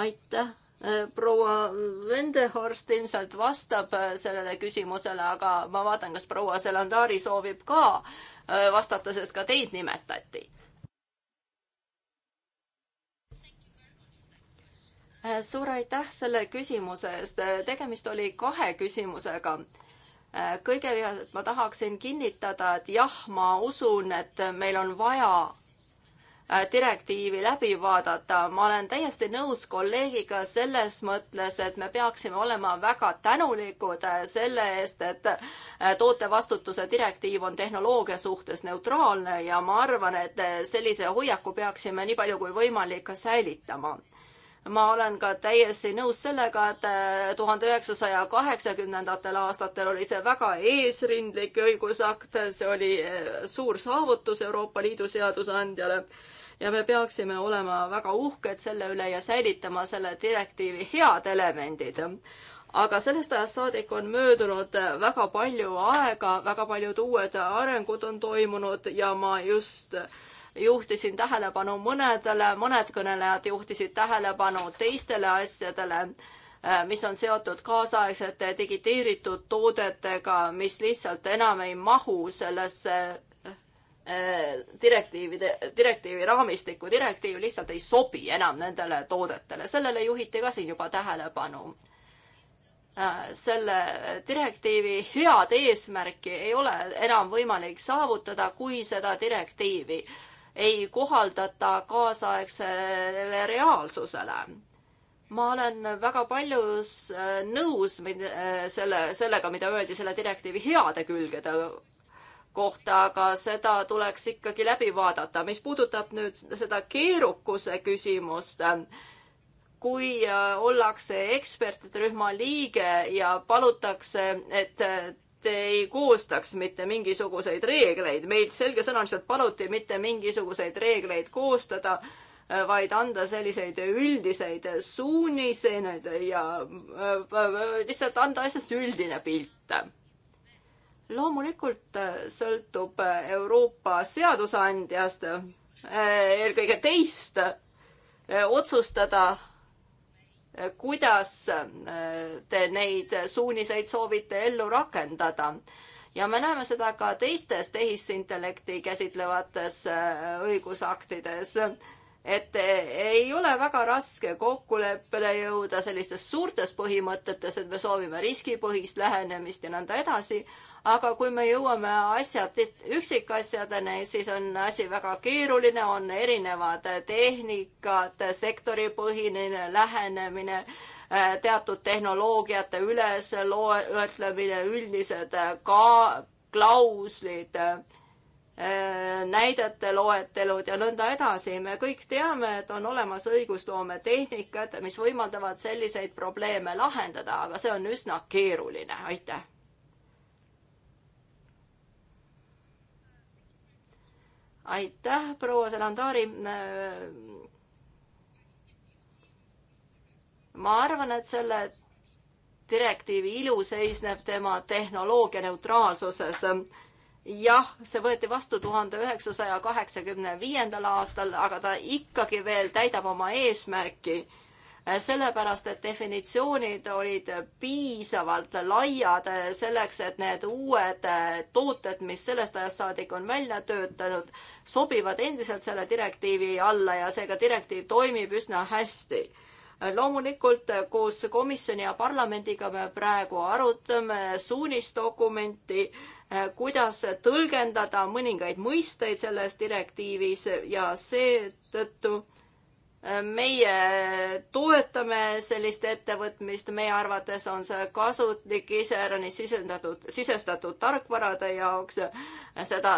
aitäh Äh, proua Vendehorst ilmselt vastab äh, sellele küsimusele, aga ma vaatan, kas proua Selandari soovib ka äh, vastata, sest ka teid nimetati. suur aitäh selle küsimuse eest, tegemist oli kahe küsimusega kõigepealt ma tahaksin kinnitada, et jah, ma usun, et meil on vaja Äh, direktiivi läbi vaadata. ma olen täiesti nõus kolleegiga selles mõttes, et me peaksime olema väga tänulikud äh, selle eest, et äh, tootevastutuse direktiiv on tehnoloogia suhtes neutraalne ja ma arvan, et sellise hoiaku peaksime nii palju kui võimalik ka säilitama ma olen ka täiesti nõus sellega, et tuhande üheksasaja kaheksakümnendatel aastatel oli see väga eesrindlik õigusakt, see oli suur saavutus Euroopa Liidu seadusandjale ja me peaksime olema väga uhked selle üle ja säilitama selle direktiivi head elemendid aga sellest ajast saadik on möödunud väga palju aega, väga paljud uued arengud on toimunud ja ma just juhtisin tähelepanu mõnedele, mõned kõnelejad juhtisid tähelepanu teistele asjadele, mis on seotud kaasaegsete digiteeritud toodetega, mis lihtsalt enam ei mahu sellesse Äh, direktiivide, direktiivi raamistiku direktiiv lihtsalt ei sobi enam nendele toodetele, sellele juhiti ka siin juba tähelepanu. Äh, selle direktiivi head eesmärki ei ole enam võimalik saavutada, kui seda direktiivi ei kohaldata kaasaegsele reaalsusele ma olen väga paljus äh, nõus selle, sellega, mida öeldi selle direktiivi heade külgede kohta, aga seda tuleks ikkagi läbi vaadata. mis puudutab nüüd seda keerukuse küsimust, kui äh, ollakse ekspertide rühma liige ja palutakse, et äh, te ei koostaks mitte mingisuguseid reegleid, meilt selgesõnaliselt paluti mitte mingisuguseid reegleid koostada, äh, vaid anda selliseid üldiseid suuniseid ja lihtsalt anda asjast üldine pilt loomulikult äh, sõltub äh, Euroopa seadusandjast, äh, eelkõige teist, otsustada, kuidas te neid suuniseid soovite ellu rakendada. ja me näeme seda ka teistes tehisintellekti käsitlevates õigusaktides et eh, ei ole väga raske kokkuleppele jõuda sellistes suurtes põhimõtetes, et me soovime riskipõhist lähenemist ja nõnda edasi, aga kui me jõuame asjad, üksikasjadeni, siis on asi väga keeruline, on erinevad tehnikad, sektoripõhine lähenemine, eh, teatud tehnoloogiate üles loetlemine, üldised eh, ka klauslid Äh, näidete loetelud ja nõnda edasi. me kõik teame, et on olemas õigusloome tehnikad, mis võimaldavad selliseid probleeme lahendada, aga see on üsna keeruline. aitäh. aitäh, proua Selandari. Äh, ma arvan, et selle direktiivi ilu seisneb tema tehnoloogia neutraalsuses jah, see võeti vastu tuhande üheksasaja kaheksakümne viiendal aastal, aga ta ikkagi veel täidab oma eesmärki. Eh, sellepärast, et definitsioonid olid piisavalt laiad eh, selleks, et need uued eh, tooted, mis sellest ajast saadik on välja töötanud, sobivad endiselt selle direktiivi alla ja seega direktiiv toimib üsna hästi loomulikult koos komisjoni ja parlamendiga me praegu arutame suunisdokumenti Äh, kuidas tõlgendada mõningaid mõisteid selles direktiivis ja seetõttu äh, meie toetame sellist ettevõtmist, meie arvates on see kasulik iseäranis sisendatud, sisestatud tarkvarade jaoks. seda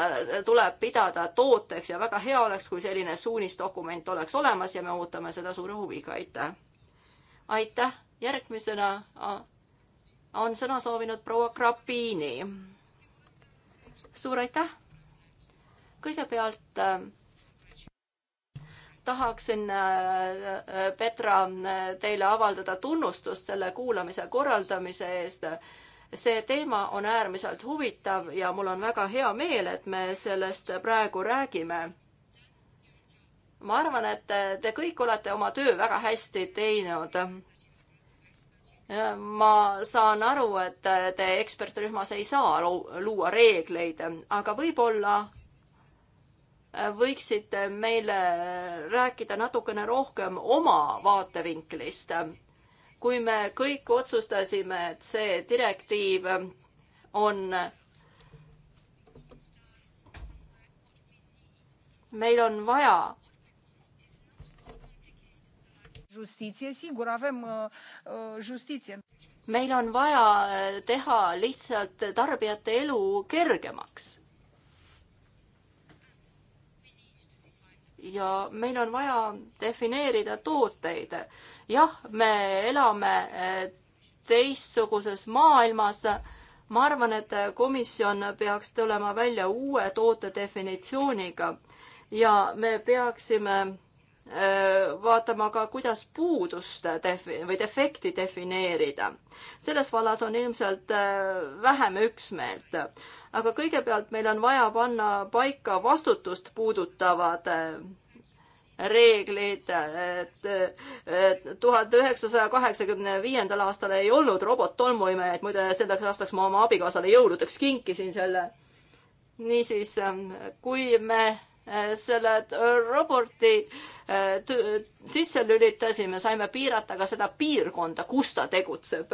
tuleb pidada tooteks ja väga hea oleks, kui selline suunisdokument oleks olemas ja me ootame seda suure huviga, aitäh. aitäh, järgmisena äh, on sõna soovinud proua Krapini suur aitäh! kõigepealt äh, tahaksin, äh, äh, Petra, teile avaldada tunnustust selle kuulamise korraldamise eest. see teema on äärmiselt huvitav ja mul on väga hea meel, et me sellest praegu räägime. ma arvan, et te kõik olete oma töö väga hästi teinud ma saan aru, et äh, te ekspertrühmas ei saa luua reegleid, aga võib-olla äh, võiksite meile rääkida natukene rohkem oma vaatevinklist. kui me kõik otsustasime, et see direktiiv on meil on vaja justiție, sigur, avem uh, uh, justiție. meil on vaja eh, teha lihtsalt tarbijate elu kergemaks. ja meil on vaja defineerida tooteid. jah, me elame eh, teistsuguses maailmas. ma arvan, et eh, komisjon peaks tulema välja uue toote definitsiooniga ja me peaksime Äh, vaatama ka, kuidas puudust defi- või defekti defineerida. selles vallas on ilmselt äh, vähem üksmeelt. aga kõigepealt meil on vaja panna paika vastutust puudutavad äh, reeglid, et tuhande üheksasaja kaheksakümne viiendal aastal ei olnud robot-tolmuimejaid, muide selleks aastaks ma oma abikaasale jõuludeks kinkisin selle. niisiis, kui me Eh, selle eh, roborti eh, sisse lülitasime, saime piirata ka seda piirkonda, kus ta tegutseb.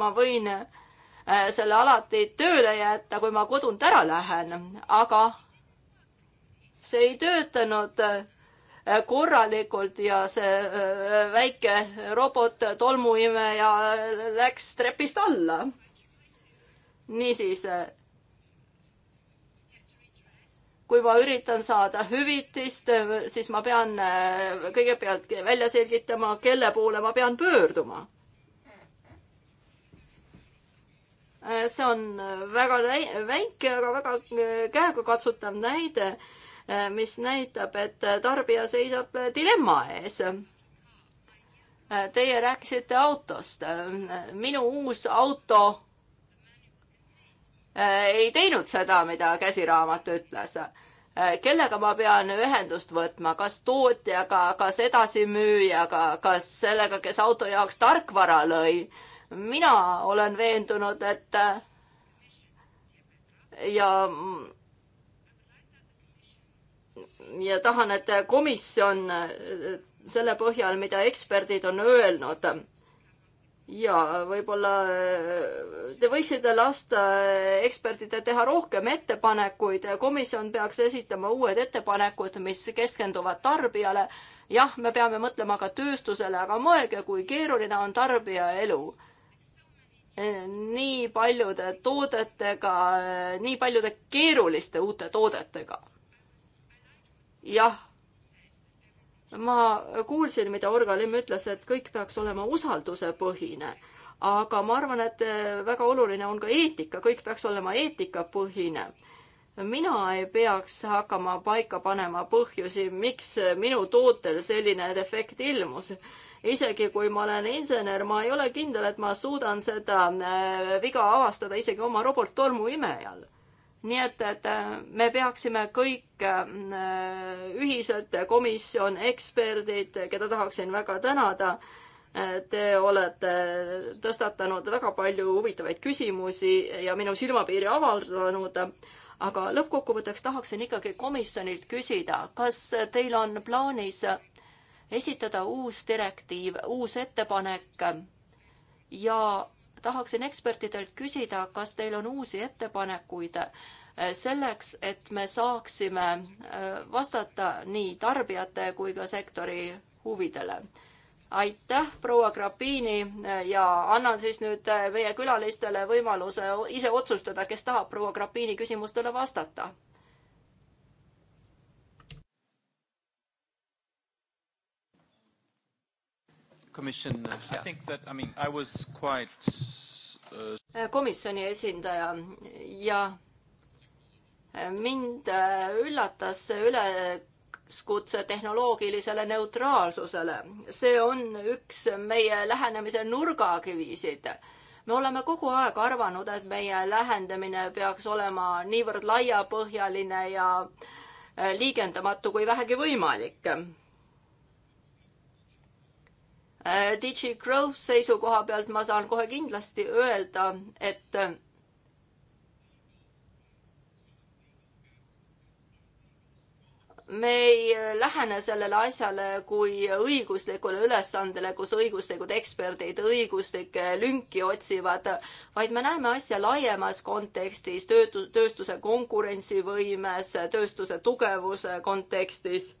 ma võin selle alati tööle jätta, kui ma kodunt ära lähen, aga see ei töötanud korralikult ja see väike robot, tolmuimeja läks trepist alla. niisiis kui ma üritan saada hüvitist, siis ma pean äh, kõigepealt välja selgitama, kelle poole ma pean pöörduma. Äh, see on väga väike, aga väga äh, käegakatsutav näide, mis näitab, et tarbija seisab dilemma ees Teie rääkisite autost. minu uus auto Äh, ei teinud seda, mida käsiraamat ütles. Äh, kellega ma pean ühendust võtma, kas tootjaga, kas edasimüüjaga, kas sellega, kes auto jaoks tarkvara lõi? mina olen veendunud, et äh, ja ja tahan, et komisjon selle põhjal, mida eksperdid on öelnud, ja võib-olla äh, te võiksite lasta äh, ekspertidel teha rohkem ettepanekuid, komisjon peaks esitama uued ettepanekud, mis keskenduvad tarbijale. jah, me peame mõtlema ka tööstusele, aga mõelge, kui keeruline on tarbija elu. Äh, nii paljude toodetega, nii paljude keeruliste uute toodetega. jah ma kuulsin, mida Orga Limm ütles, et kõik peaks olema usaldusepõhine, aga ma arvan, et eh, väga oluline on ka eetika, kõik peaks olema eetikapõhine. mina ei peaks hakkama paika panema põhjusi, miks minu tootel selline defekt ilmus isegi kui ma olen insener, ma ei ole kindel, et ma suudan seda eh, viga avastada isegi oma robottolmuimejal nii et, et äh, me peaksime kõik äh, ühiselt, komisjon, eksperdid, keda tahaksin väga tänada, äh, Te olete tõstatanud väga palju huvitavaid küsimusi ja minu silmapiiri avaldanud aga lõppkokkuvõtteks tahaksin ikkagi komisjonilt küsida, kas teil on plaanis esitada uus direktiiv, uus ettepanek ja tahaksin ekspertidelt küsida, kas teil on uusi ettepanekuid äh, selleks, et me saaksime äh, vastata nii tarbijate kui ka sektori huvidele. aitäh, proua Grapini äh, ja annan siis nüüd meie külalistele võimaluse ise otsustada, kes tahab proua Grapini küsimustele vastata Commission uh, I think that, I mean, I was quite uh... Äh, komisjoni esindaja ja äh, mind äh, üllatas see üleskutse tehnoloogilisele neutraalsusele. see on üks meie lähenemise nurgakivisid. me oleme kogu aeg arvanud, et meie lähenemine peaks olema niivõrd laiapõhjaline ja liigendamatu kui vähegi võimalik Äh, DigiGrowth seisukoha pealt ma saan kohe kindlasti öelda, et äh, me ei äh, lähene sellele asjale kui õiguslikule ülesandele, kus õiguslikud eksperdid õiguslikke lünki otsivad, vaid me näeme asja laiemas kontekstis, töötu-, tööstuse konkurentsivõimes, tööstuse tugevuse kontekstis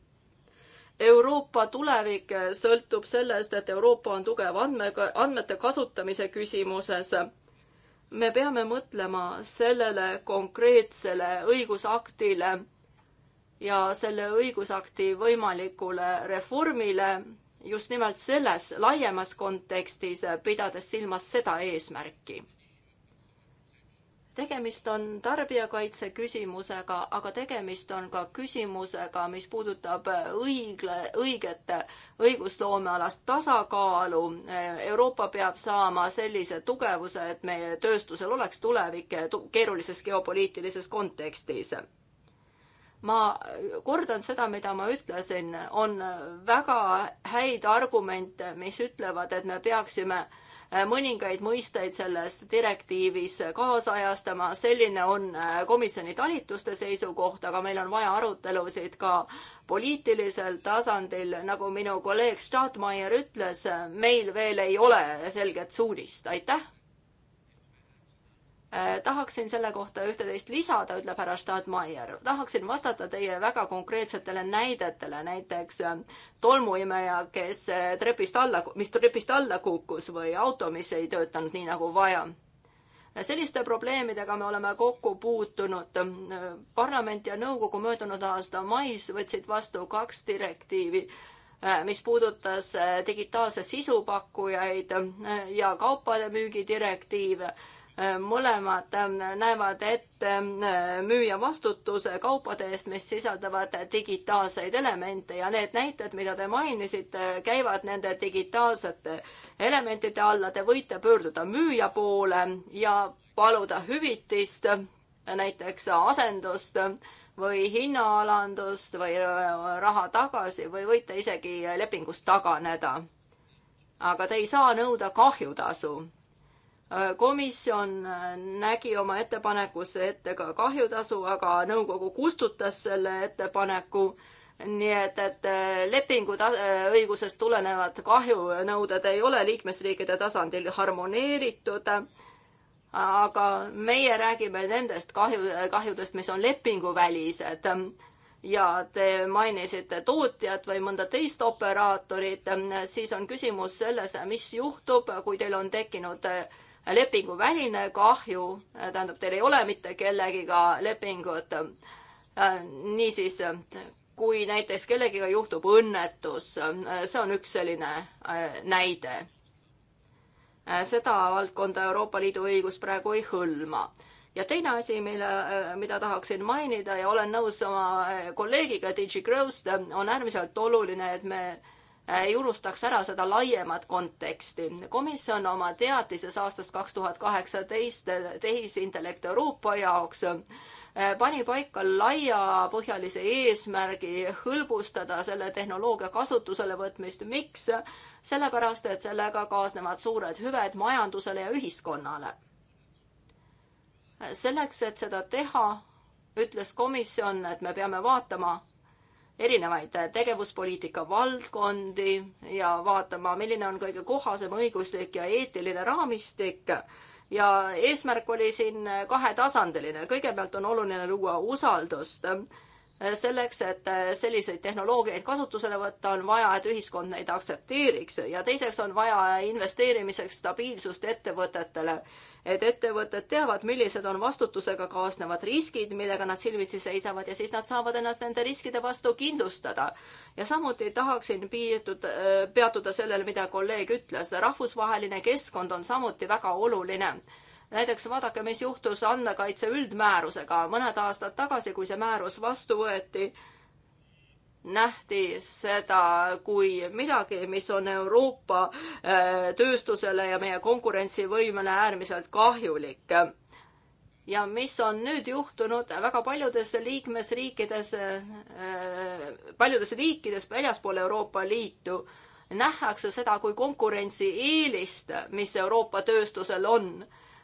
Euroopa tulevik sõltub sellest, et Euroopa on tugev andmega, andmete kasutamise küsimuses. me peame mõtlema sellele konkreetsele õigusaktile ja selle õigusakti võimalikule reformile just nimelt selles laiemas kontekstis, pidades silmas seda eesmärki tegemist on tarbijakaitse küsimusega, aga tegemist on ka küsimusega, mis puudutab õigle, õiget õigusloomealast tasakaalu. Euroopa peab saama sellise tugevuse, et meie tööstusel oleks tulevik keerulises geopoliitilises kontekstis ma kordan seda, mida ma ütlesin, on väga häid argumente, mis ütlevad, et me peaksime äh, Äh, mõningaid mõisteid selles direktiivis kaasajastama, selline on äh, komisjoni talituste seisukoht, aga meil on vaja arutelusid ka poliitilisel tasandil, nagu minu kolleeg Stadmeier ütles, meil veel ei ole selget suunist, aitäh. Äh, tahaksin selle kohta üht-teist lisada, ütleb härra Stadmaier. tahaksin vastata teie väga konkreetsetele näidetele, näiteks äh, tolmuimeja, kes äh, trepist alla, mis trepist alla kukkus või auto, mis ei töötanud nii nagu vaja. selliste probleemidega me oleme kokku puutunud. parlament ja nõukogu möödunud aasta mais võtsid vastu kaks direktiivi mis puudutas digitaalse sisupakkujaid ja kaupade müügidirektiive mõlemad ähm, näevad ette ähm, müüja vastutuse kaupade eest, mis sisaldavad digitaalseid elemente ja need näited, mida te mainisite, käivad nende digitaalsete elementide alla. Te võite pöörduda müüja poole ja paluda hüvitist, näiteks asendust või hinnaalandust või äh, raha tagasi või võite isegi lepingust taganeda. aga te ei saa nõuda kahjutasu Äh, komisjon äh, nägi oma ettepanekus ette ka kahjutasu, aga nõukogu kustutas selle ettepaneku. nii et, et äh, lepingu õigusest tulenevad kahjunõuded ei ole liikmesriikide tasandil harmoneeritud. aga meie räägime nendest kahju, kahjudest, mis on lepinguvälised ja te mainisite tootjat või mõnda teist operaatorit, siis on küsimus selles, mis juhtub, kui teil on tekkinud lepinguväline kahju, tähendab, teil ei ole mitte kellegiga lepingut. Äh, niisiis, kui näiteks kellegiga juhtub õnnetus, see on üks selline äh, näide. Äh, seda valdkonda Euroopa Liidu õigus praegu ei hõlma ja teine asi, mille, mida tahaksin mainida ja olen nõus oma kolleegiga, DigiGrowth, on äärmiselt oluline, et me ei äh, unustaks ära seda laiemat konteksti. komisjon oma teatises aastast kaks tuhat kaheksateist äh, tehisintellekt Euroopa jaoks äh, pani paika laiapõhjalise eesmärgi hõlbustada selle tehnoloogia kasutusele võtmist. miks? sellepärast, et sellega kaasnevad suured hüved majandusele ja ühiskonnale. selleks, et seda teha, ütles komisjon, et me peame vaatama, erinevaid tegevuspoliitika valdkondi ja vaatama, milline on kõige kohasem õiguslik ja eetiline raamistik. ja eesmärk oli siin kahetasandiline, kõigepealt on oluline luua usaldust Äh, selleks, et äh, selliseid tehnoloogiaid kasutusele võtta, on vaja, et ühiskond neid aktsepteeriks ja teiseks on vaja investeerimiseks stabiilsust ettevõtetele. et ettevõtted teavad, millised on vastutusega kaasnevad riskid, millega nad silmitsi seisavad ja siis nad saavad ennast nende riskide vastu kindlustada. ja samuti tahaksin piirduda, äh, peatuda sellel, mida kolleeg ütles, rahvusvaheline keskkond on samuti väga oluline näiteks vaadake, mis juhtus andmekaitse üldmäärusega. mõned aastad tagasi, kui see määrus vastu võeti, nähti seda kui midagi, mis on Euroopa äh, tööstusele ja meie konkurentsivõimele äärmiselt kahjulik ja mis on nüüd juhtunud väga paljudes liikmesriikides, äh, paljudes riikides väljaspool Euroopa Liitu, nähakse seda kui konkurentsieelist, mis Euroopa tööstusel on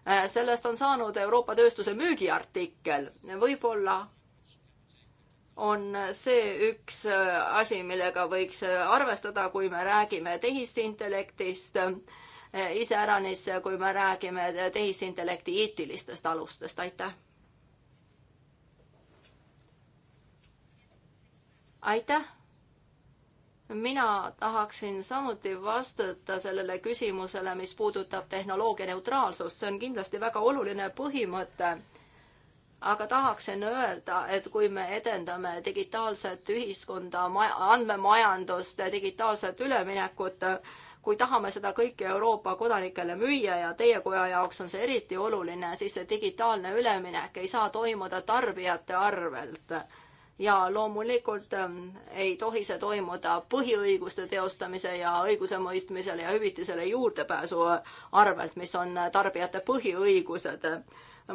Äh, sellest on saanud Euroopa tööstuse müügiartikkel. võib-olla on see üks äh, asi, millega võiks äh, arvestada, kui me räägime tehisintellektist, iseäranis, kui me räägime tehisintellekti eetilistest alustest, aitäh. aitäh mina tahaksin samuti vastata sellele küsimusele, mis puudutab tehnoloogia neutraalsust, see on kindlasti väga oluline põhimõte. aga tahaksin öelda, et kui me edendame digitaalset ühiskonda, andmemajandust, digitaalset üleminekut, kui tahame seda kõike Euroopa kodanikele müüa ja teie koja jaoks on see eriti oluline, siis see digitaalne üleminek ei saa toimuda tarbijate arvelt ja loomulikult ähm, ei tohi see toimuda põhiõiguste teostamise ja õigusemõistmisele ja hüvitisele juurdepääsu arvelt, mis on tarbijate põhiõigused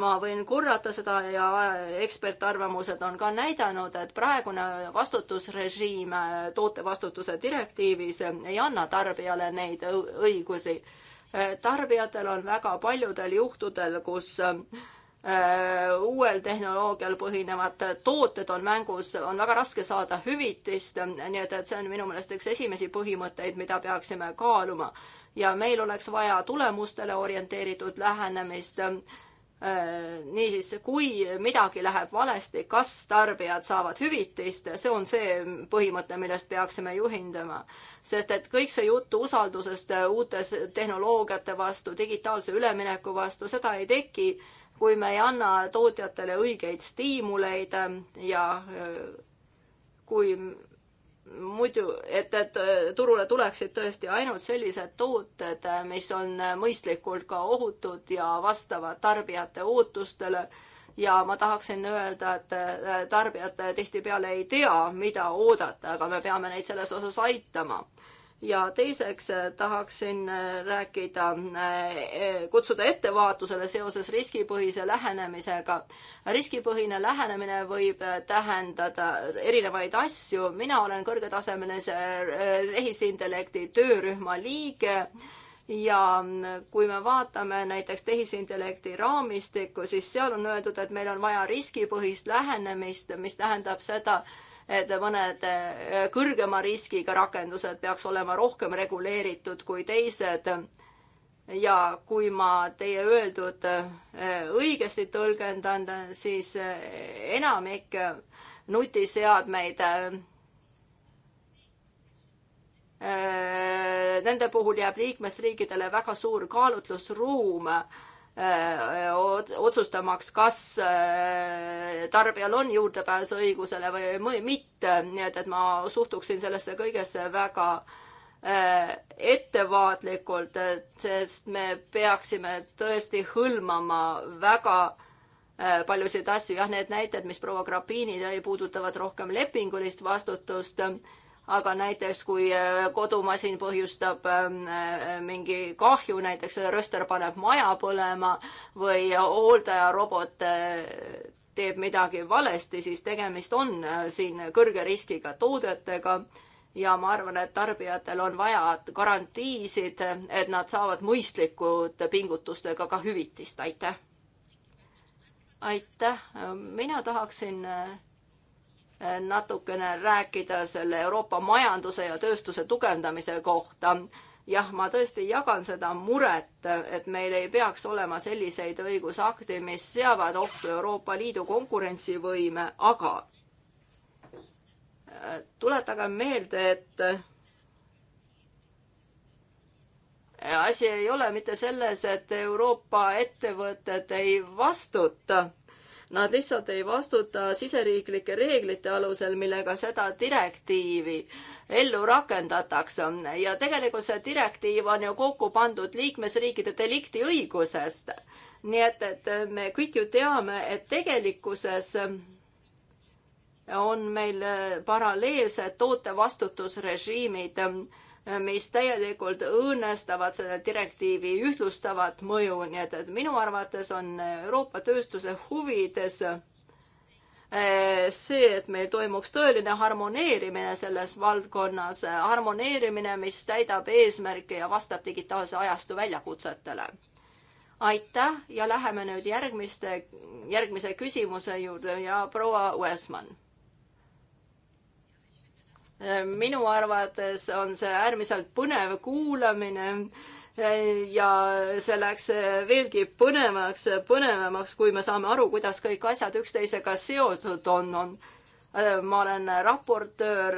ma võin korrata seda ja äh, ekspertarvamused on ka näidanud, et praegune vastutusrežiim äh, tootevastutuse direktiivis ei anna tarbijale neid õigusi. Äh, tarbijatel on väga paljudel juhtudel, kus Äh, uuel tehnoloogial põhinevad tooted on mängus, on väga raske saada hüvitist, nii et, et see on minu meelest üks esimesi põhimõtteid, mida peaksime kaaluma. ja meil oleks vaja tulemustele orienteeritud lähenemist Äh, niisiis, kui midagi läheb valesti, kas tarbijad saavad hüvitist, see on see põhimõte, millest peaksime juhinduma. sest et kõik see jutt usaldusest äh, uute tehnoloogiate vastu, digitaalse ülemineku vastu, seda ei teki, kui me ei anna tootjatele õigeid stiimuleid äh, ja kui muidu, et, et äh, turule tuleksid tõesti ainult sellised tooted, äh, mis on äh, mõistlikult ka ohutud ja vastavad tarbijate ootustele. ja ma tahaksin öelda, et tarbijad tihtipeale ei tea, mida oodata, aga me peame neid selles osas aitama ja teiseks eh, tahaksin eh, rääkida, eh, kutsuda ettevaatusele seoses riskipõhise lähenemisega. riskipõhine lähenemine võib tähendada erinevaid asju, mina olen kõrgetasemelise tehisintellekti töörühma liige ja mm, kui me vaatame näiteks tehisintellekti raamistikku, siis seal on öeldud, et meil on vaja riskipõhist lähenemist, mis tähendab seda, et mõned eh, kõrgema riskiga rakendused peaks olema rohkem reguleeritud kui teised. ja kui ma teie öeldud eh, õigesti tõlgendan, siis eh, enamik nutiseadmeid Nende puhul jääb liikmesriikidele väga suur kaalutlusruum Äh, otsustamaks, kas äh, tarbijal on juurdepääs õigusele või mitte, nii et, et ma suhtuksin sellesse kõigesse väga äh, ettevaatlikult, sest me peaksime tõesti hõlmama väga paljusid asju, jah, need näited, mis proua Grapini tõi, puudutavad rohkem lepingulist vastutust aga näiteks kui äh, kodumasin põhjustab ähm, äh, mingi kahju, näiteks äh, rööster paneb maja põlema või hooldajarobot teeb midagi valesti, siis tegemist on siin kõrge riskiga toodetega ja ma arvan, et tarbijatel on vaja garantiisid, et nad saavad mõistlikud pingutustega ka hüvitist, aitäh. aitäh, mina tahaksin natukene rääkida selle Euroopa majanduse ja tööstuse tugevdamise kohta. jah, ma tõesti jagan seda muret, et meil ei peaks olema selliseid õigusakte, mis seavad ohtu Euroopa Liidu konkurentsivõime, aga äh, tuletage meelde, et äh, asi ei ole mitte selles, et Euroopa ettevõtted ei vastuta Nad lihtsalt ei vastuta siseriiklike reeglite alusel, millega seda direktiivi ellu rakendatakse. ja tegelikult see direktiiv on ju kokku pandud liikmesriikide deliktiõigusest. nii et, et me kõik ju teame, et tegelikkuses on meil paralleelsed tootevastutusrežiimid mis täielikult õõnestavad selle direktiivi ühtlustavat mõju, nii et, et minu arvates on Euroopa tööstuse huvides eh, see, et meil toimuks tõeline harmoneerimine selles valdkonnas, harmoneerimine, mis täidab eesmärke ja vastab digitaalse ajastu väljakutsetele. aitäh ja läheme nüüd järgmiste, järgmise küsimuse juurde ja proua Uesmann minu arvates on see äärmiselt põnev kuulamine eh, ja see läks eh, veelgi põnevaks, eh, põnevamaks, kui me saame aru, kuidas kõik asjad üksteisega seotud on, on. ma olen raportöör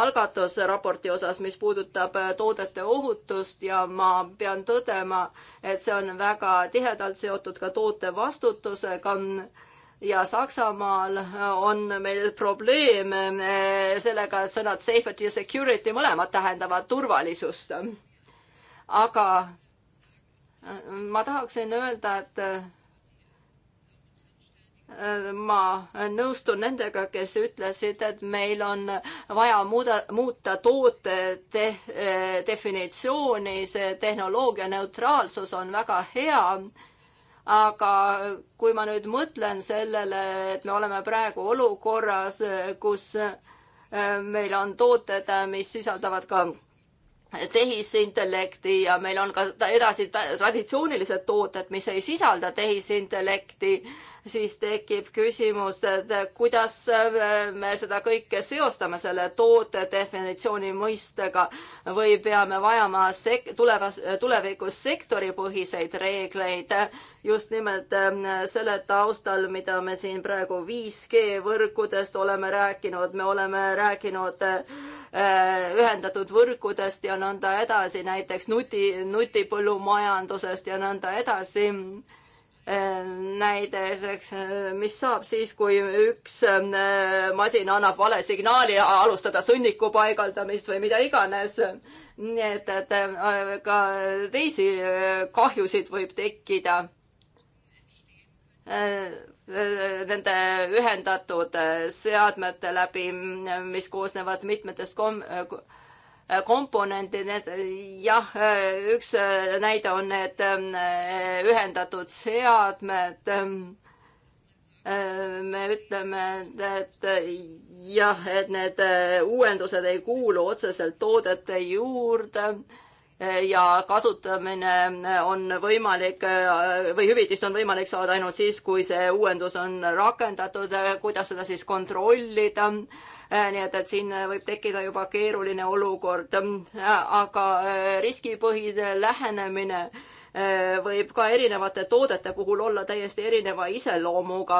algatusraporti osas, mis puudutab toodete ohutust ja ma pean tõdema, et see on väga tihedalt seotud ka toote vastutusega ja Saksamaal äh, on meil probleem äh, sellega, et sõnad safety ja security mõlemad tähendavad turvalisust. aga äh, ma tahaksin öelda, et ma nõustun nendega, kes ütlesid, et meil on vaja muuda, muuta toote te, definitsiooni, see tehnoloogia neutraalsus on väga hea aga kui ma nüüd mõtlen sellele, et me oleme praegu olukorras, kus äh, meil on tooted, äh, mis sisaldavad ka tehisintellekti ja meil on ka edasi traditsioonilised tooted, mis ei sisalda tehisintellekti siis tekib küsimus, et kuidas me seda kõike seostame selle toote definitsiooni mõistega või peame vajama sek-, tulevas, tulevikus sektoripõhiseid reegleid just nimelt ähm, selle taustal, mida me siin praegu 5G võrkudest oleme rääkinud, me oleme rääkinud äh, ühendatud võrkudest ja nõnda edasi, näiteks nuti, nutipõllumajandusest ja nõnda edasi näideseks, mis saab siis, kui üks ähm, masin annab vale signaali alustada sõnniku paigaldamist või mida iganes. nii et, et äh, ka teisi äh, kahjusid võib tekkida äh, nende ühendatud seadmete läbi, mis koosnevad mitmetest kom-, komponendid, need jah, üks näide on need ähm, ühendatud seadmed. Ähm, äh, me ütleme, et, et äh, jah, et need äh, uuendused ei kuulu otseselt toodete juurde ja kasutamine on võimalik või hüvitist on võimalik saada ainult siis, kui see uuendus on rakendatud, kuidas seda siis kontrollida Äh, nii et, et siin äh, võib tekkida juba keeruline olukord, äh, aga riskipõhine lähenemine võib ka erinevate toodete puhul olla täiesti erineva iseloomuga.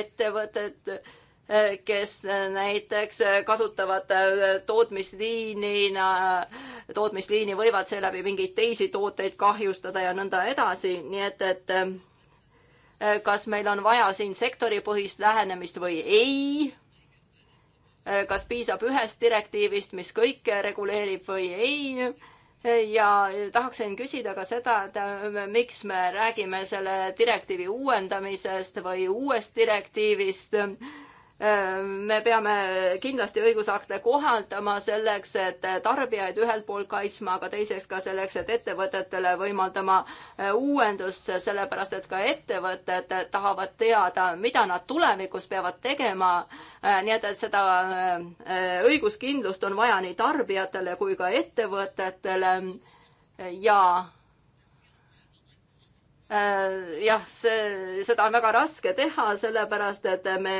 ettevõtted, kes näiteks kasutavad tootmisliinina, tootmisliini võivad seeläbi mingeid teisi tooteid kahjustada ja nõnda edasi, nii et, et kas meil on vaja siin sektoripõhist lähenemist või ei Äh, kas piisab ühest direktiivist, mis kõike reguleerib või ei. ja tahaksin küsida ka seda, et äh, miks me räägime selle direktiivi uuendamisest või uuest direktiivist Ehm, me peame kindlasti õigusakte kohandama selleks, et tarbijaid ühelt poolt kaitsma, aga teiseks ka selleks, et ettevõtetele võimaldama eh, uuendust, sellepärast et ka ettevõtted tahavad teada, mida nad tulevikus peavad tegema. Eh, nii et, et seda eh, õiguskindlust on vaja nii tarbijatele kui ka ettevõtetele ja jah, see, seda on väga raske teha, sellepärast et me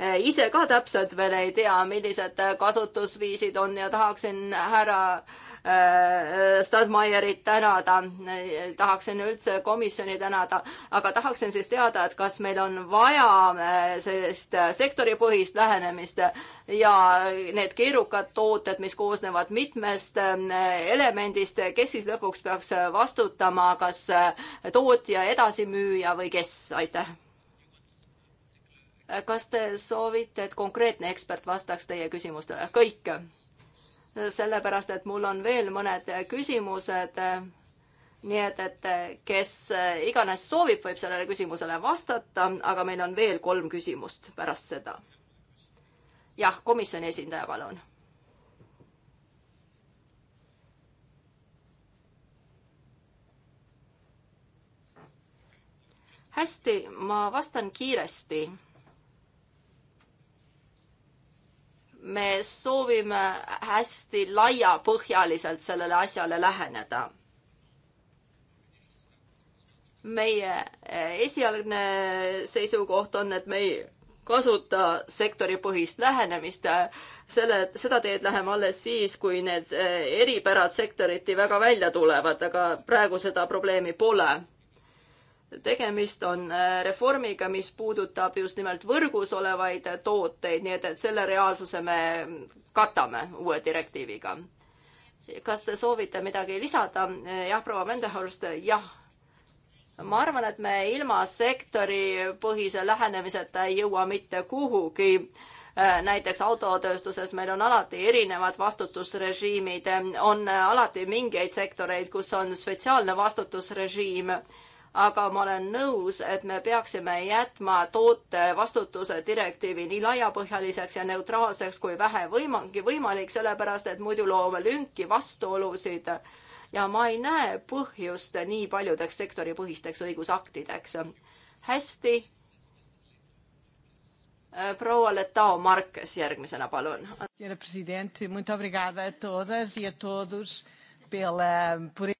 Eh, ise ka täpselt veel ei tea, millised eh, kasutusviisid on ja tahaksin härra eh, Stadmeierit tänada, tahaksin üldse komisjoni tänada, aga tahaksin siis teada, et kas meil on vaja sellist sektoripõhist lähenemist ja need keerukad tooted, mis koosnevad mitmest elemendist, kes siis lõpuks peaks vastutama, kas tootja, edasimüüja või kes, aitäh kas te soovite, et konkreetne ekspert vastaks teie küsimustele? kõik. sellepärast, et mul on veel mõned küsimused. nii et, et kes iganes soovib, võib sellele küsimusele vastata, aga meil on veel kolm küsimust pärast seda. jah, komisjoni esindaja, palun hästi, ma vastan kiiresti me soovime hästi laiapõhjaliselt sellele asjale läheneda. meie eh, esialgne seisukoht on, et me ei kasuta sektoripõhist lähenemist. Eh, selle, seda teed läheme alles siis, kui need eh, eripärad sektoriti väga välja tulevad, aga praegu seda probleemi pole tegemist on äh, reformiga, mis puudutab just nimelt võrgus olevaid tooteid, nii et, et selle reaalsuse me katame uue direktiiviga. kas te soovite midagi lisada? jah, proua Mendehorst, jah. ma arvan, et me ilma sektoripõhise lähenemiseta ei jõua mitte kuhugi äh, näiteks autotööstuses meil on alati erinevad vastutusrežiimid, on äh, alati mingeid sektoreid, kus on spetsiaalne vastutusrežiim aga ma olen nõus, et me peaksime jätma toote vastutuse direktiivi nii laiapõhjaliseks ja neutraalseks kui vähe võimagi võimalik, sellepärast et muidu loome lünki, vastuolusid ja ma ei näe põhjust nii paljudeks sektoripõhisteks õigusaktideks. hästi. Äh, proua Letao Markes järgmisena, palun. Senhora Presidente, muito obrigada a todas e a todos pela, por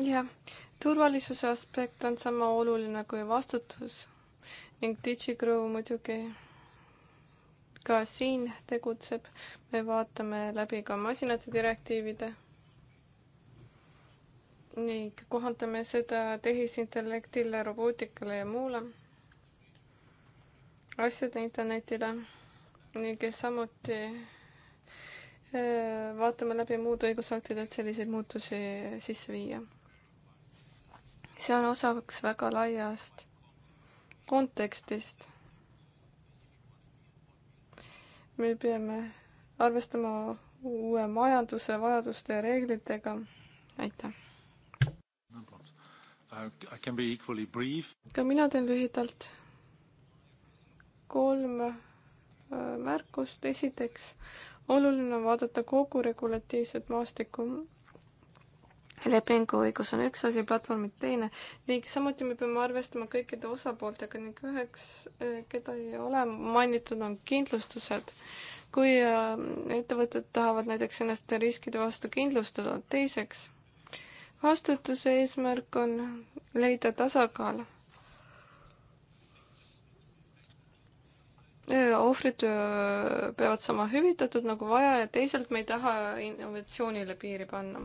jah, turvalisuse aspekt on sama oluline kui vastutus ning DigiCrew muidugi ka siin tegutseb. me vaatame läbi ka masinate direktiivide ning kohandame seda tehisintellektile, robootikale ja muule asjade internetile ning samuti Äh, vaatame läbi muud õigusaktid, et selliseid muutusi sisse viia. see on osaks väga laiast kontekstist. me peame arvestama uue majanduse vajaduste ja reeglitega. aitäh! Uh, ka mina teen lühidalt kolm äh, märkust. esiteks oluline on vaadata kogu regulatiivset maastikku. lepinguõigus on üks asi, platvormid teine ning samuti me peame arvestama kõikide osapooltega ning üheks, eh, keda ei ole mainitud, on kindlustused. kui eh, ettevõtted tahavad näiteks ennast riskide vastu kindlustada, teiseks vastutuse eesmärk on leida tasakaal ohvrid äh, peavad saama hüvitatud nagu vaja ja teisalt me ei taha innovatsioonile piiri panna.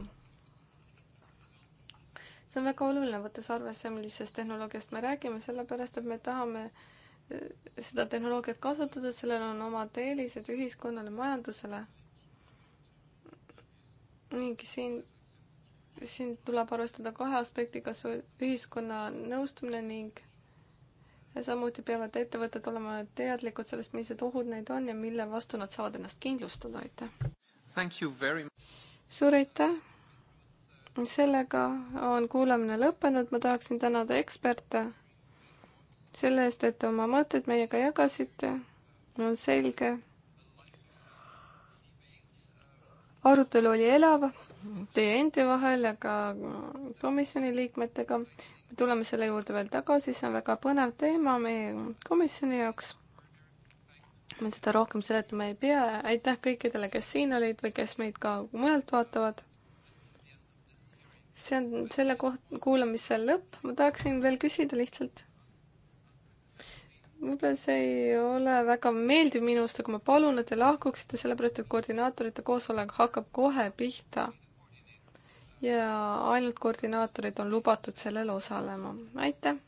see on väga oluline, võttes arvesse, millisest tehnoloogiast me räägime, sellepärast et me tahame äh, seda tehnoloogiat kasutada, sellel on omad eelised ühiskonnale, majandusele. ning siin, siin tuleb arvestada kahe aspektiga, ühiskonna nõustumine ning samuti peavad ettevõtted olema teadlikud sellest, millised ohud neid on ja mille vastu nad saavad ennast kindlustada, aitäh! suur aitäh! sellega on kuulamine lõppenud, ma tahaksin tänada eksperte selle eest, et oma mõtted meiega jagasite, on selge. arutelu oli elav teie endi vahel ja ka komisjoni liikmetega tuleme selle juurde veel tagasi, see on väga põnev teema meie komisjoni jaoks. me seda rohkem seletama ei pea, aitäh kõikidele, kes siin olid või kes meid ka mujalt vaatavad. see on selle koht-, kuulamise lõpp, ma tahaksin veel küsida lihtsalt. võib-olla see ei ole väga meeldiv minu arust, aga ma palun, et te lahkuksite, sellepärast et koordinaatorite koosolek hakkab kohe pihta ja ainult koordinaatorid on lubatud sellel osalema. aitäh!